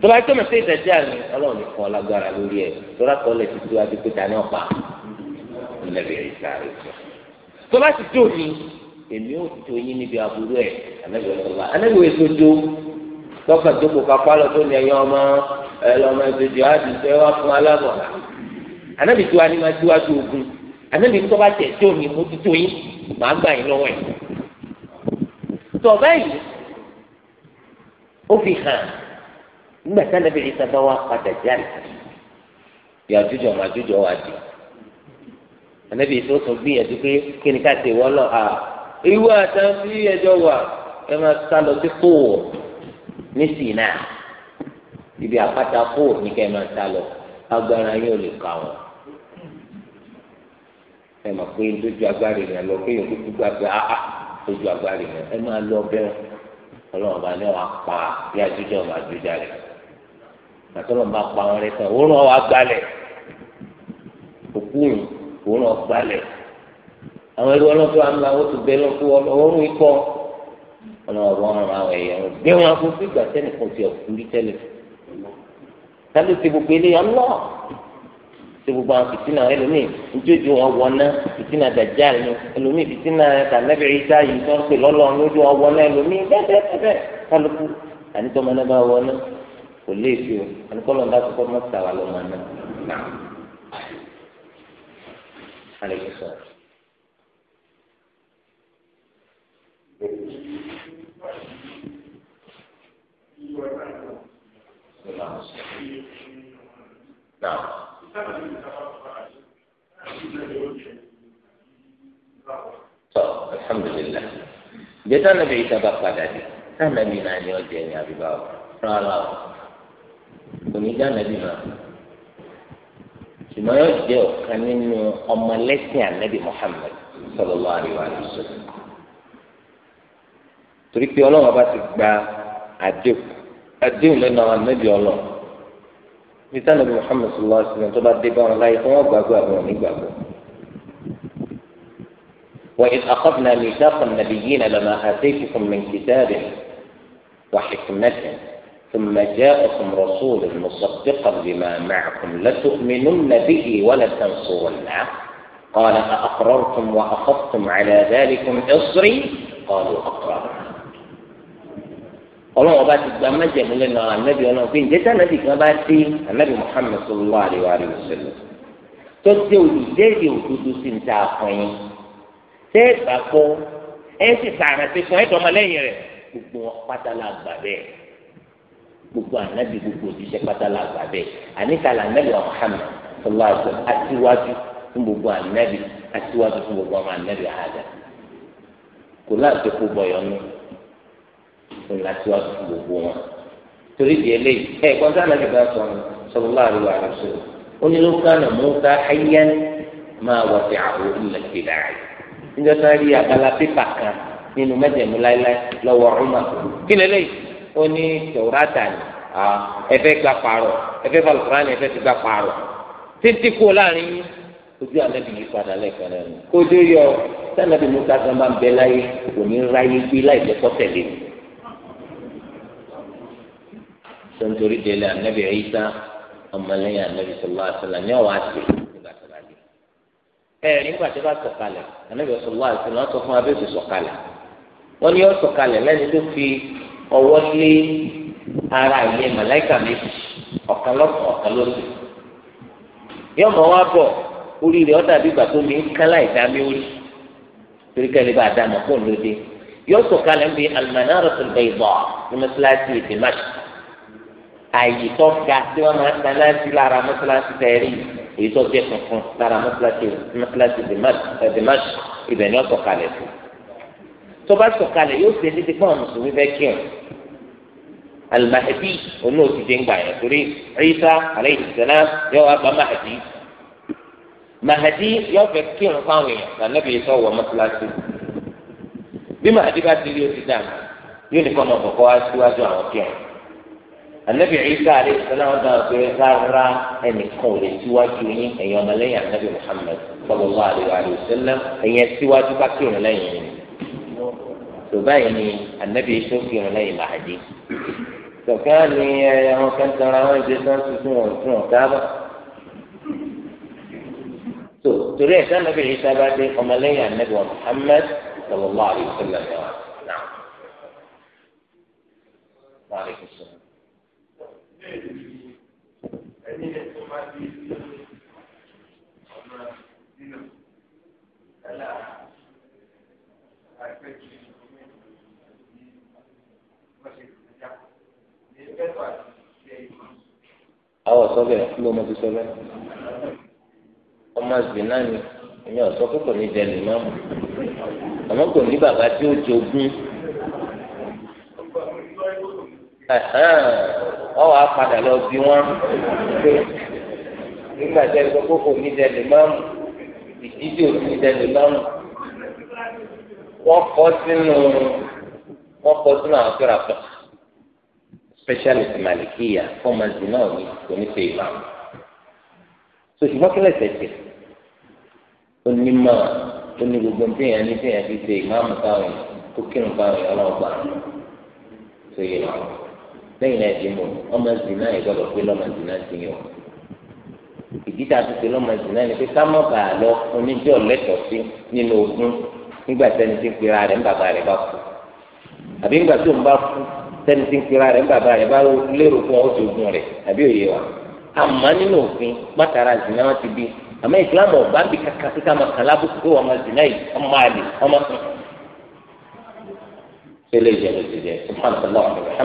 tó bá tẹ́lẹ̀ sí ìtẹ̀jà ni Ọlọ́run ní fún ọ lágbára lórí ẹ̀ tó rà ti tó adé pété àná ọ̀pá ìlẹ̀bẹ̀rẹ̀ ìsàrè tó ti tó ni èmi ò tó yín níbi àbúrò ẹ̀ ànábì wọn sọlá ànábì wọn èso jó lọ́kà tó kò kápá lọ tó ní ẹ̀yàn ọmọ ẹ̀yàn ọmọ ètò ìjọ àti ìfẹ́ wá fún alábọ̀ ànábì tó wá ní máa síwájú ogun ànábì tó bá tẹ̀ tó ní mójútó yín màá gbà yín lọ́wọ́ ẹ̀ tọ̀ báyìí ó fi hàn nígbà tí ànábì yìí sábà wá padà jáde yàjújọ màjújọ wà dé ànábì yìí tó sọ gbìyànjú pé kí ni ká ṣe wọ́n lọ àá. ìwé àtàntí ẹjọ́ wà ẹ máa sá lọ sí kóò ní Sínà ibi àpáta kóò ní kẹ́ ẹ máa sá lọ agbára yóò lè kà wọ́n ẹ mọ̀ pé lójú agbára ìrìn lọ kéèyàn kúkú gbàgbé áá ah, lójú ah, agbára ìrìn ẹ máa lọ bá ní wàá pa bí máa pa wọn rẹ̀ sàn òun náà àwọn ẹrú ọlọ́tọ́ àmì àwọn tó bẹ lọ́kọ́ ọlọ́run ikọ́ ọlọ́run ọ̀run àwọn ẹ̀yẹ wọn gbé wọn fún fún ìgbà tẹ́nìkan ti ọ̀kú rí tẹ́lẹ̀ tálẹ́ ti gbogbo eléyà lọ́ ti gbogbo àwọn fìtínà ẹlòmíì njójú wọn wọná fìtínà dàjà ni ẹlòmíì fìtínà tànẹ́bẹ̀ ìta yìí tó ń pè lọ́lọ́run lójú wọn wọná ẹlòmíì bẹ́ẹ̀ kálukú ànitọ́mọ náà bá wọná kò léèfé o ànikọ́lọ́ ńlá kọ́kọ́ mọ́tà wà lọ́mọ náà jẹta nàbẹ yìí sábà padà dé sáànà mi náà ni ọjẹ ní àbíbá o rárá o onídàá nàbí náà ṣùgbọ́n yóò jẹ́ ọ̀kan nínú ọmọlẹ́sìn ànábì Muhammad sallallahu alaihi wa sallam. torí pé ọlọ́run ọba ti gba àdéhùn àdéhùn lẹ́nu àwọn anábì ọlọ́run níta nàbí Muhammad sallallahu alaihi wasallam tó bá dé bá wọn láyé fún wọn gbàgbọ́ àwọn onígbàgbọ́. وإذ أخذنا ميثاق النبيين لما آتيتكم من كتابه وحكمة ثم جاءكم رسول مصدقا لما معكم لتؤمنن به ولتنصرنه قال أأقررتم وأخذتم على ذلكم إصري قالوا أقررنا ọlọ́wọ́n bá ti gba májẹ̀mú lẹ́nu àwọn anábì ọlọ́wọ́n pé ǹjẹ́ sànàbì kan bá dé anábì Muhammad sallallahu alaihi wa sallam tó dé olùdéèdè òdodo sí ní ta fún yín ṣé ìgbàgbọ́ ẹ sì sàrà sí fún ẹ̀dọ́ ọmọlẹ́yìn rẹ̀ gbogbo pátá la gbà bẹ́ẹ̀ gbogbo anábì gbogbo òṣìṣẹ́ pátá la gbà bẹ́ẹ̀ àníkàlà anábì Muhammad sallallahu alaihi wa fún gbogbo ńlá síwájú fún gbogbo wọn torí di eléyìí ẹ ẹ̀kọ́ sáà náà nígbà sọ ọ́n sọ̀rọ̀ láàrin wa rẹ̀ sọ ó ní ló kánà mú ká ayé máa wà sí àwọn ilẹ̀ ìlà rẹ̀ níjọ́ sáà rí abala pépà kan nínú mẹ́jẹ̀mú láéláé lọ́wọ́ ọ̀rùnmá kí lélẹ́yìí ó ní tòwúrátà ni ẹ̀fẹ́ gba pààrọ̀ ẹ̀fẹ́ falùkùránì ẹ̀fẹ́ ti gba pààrọ̀ títí kú láàrin ojú anabi yìí padà lẹ́ẹ̀kan náà ni kójú yọ sanabi musa sanba bẹ láyé kò ráyé gbé láì jẹ́ kọ́tẹ̀lé mi. sọ́ńtórí délé ànábì ẹ̀yíṣà ọmọlẹ́yìn ànábì sọlá àṣàlà ní ọ̀wá àti nígbà tó bá dé. ẹ ẹ nígbà tó bá sọ̀kalẹ̀ ànábì sọlá àṣàlà sọ fún abẹ́sọ̀ sọ̀kalẹ̀ wọ́n ní ó sọ̀kalẹ̀ lẹ́ni tó fi ọwọ́ lé ara ìyẹn màláìkà méjì ọ̀kan lọ́kàn ọ̀kan lóṣù yọ mọ wá bọ̀ orí rẹ̀ ọ̀dà bí gbà tó mi ń kán láì dá mi torí kẹ́lẹ́ bá dá fóònù lóde yọ sọ̀kalẹ̀ ń bi al-Manaratul Bayda ní àyè tó ga tí wọn máa ta láti lára mọ́sálásí tẹ̀rí èyí tó jẹ́ funfun lára mọ́sálásí dèmásì ibẹ̀ ni ó sọ̀kalẹ̀ fún tó bá sọ̀kalẹ̀ yóò ṣe títí fún mùsùlùmí bẹ́ẹ̀ kí ọ̀ alimahadi onú òtítẹ́ ńgbà yẹn torí Isa aleyhi salam yóò wá bá mahadi mahadi yóò fẹ́ kí ọ̀ fáwọn èèyàn lànàbí yìí sọ̀wọ́ mọ́sálásí bí mahadi bá ti rí ó ti النبي عيسى عليه السلام غرى أن يكون سواجه أن يوم لي النبي محمد صلى الله عليه وآله وسلم أن يسواجه بكير لي سبعيني النبي يشوفه لي مهدي سكان لي هو كان ترى وين جسم سنون سنون كابا تو تريد النبي عيسى بعد يوم لي النبي محمد صلى الله عليه وسلم نعم وعليكم السلام ẹni ẹ tó bá di sí ọ̀nà dínà ẹlà àìpẹ́kì awọ sọbẹ kúló mo ti sọbẹ ọmọ zina ni èmi ọsọ kókò ní jẹlẹ máa mú àmọ́ kò ní bàbá tí ó jogún wọ́n wàá padà lọ bí wọ́n pé nígbà tí ẹni kókó kò ní jẹ lè máa mú ìdíje ò ní jẹ lè wọ́n kọ́ sínú wọ́n kọ́ sínú àwọn tó ra pọ̀ specialist malikiya fọmọdé náà ní oníṣe ìmọ̀ so ṣùgbọ́n kí lẹ́sẹ̀ tẹ̀ onímọ̀ oní gbogbo ntẹ̀yà ní tẹ̀yà fi ṣe ìmọ̀ àmọ̀ báwọn tó báwọn ọlọ́ọ̀gbà tó yẹ lọ́wọ́. lẹ́yìn náà ti mọ̀ ọmọ zina yìí gbọ́dọ̀ pé lọ́mọ zina ti yàn ìdí tá a ti pè lọ́mọ zina ni pé ká mọ̀ bá lọ sí nínú nígbà sẹ́ni ń pera rẹ̀ ń bàbá rẹ̀ bá kú àbí nígbà tó ń bá kú sẹ́ni ń pera rẹ̀ ń bàbá rẹ̀ bá lérò fún rẹ̀ àbí òye wa àmọ́ nínú òfin zina wọn ti bí àmọ́ ìsìlámù ọ̀gbá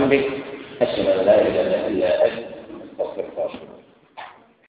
bí أشهد أن لا إله إلا أنت أستغفرك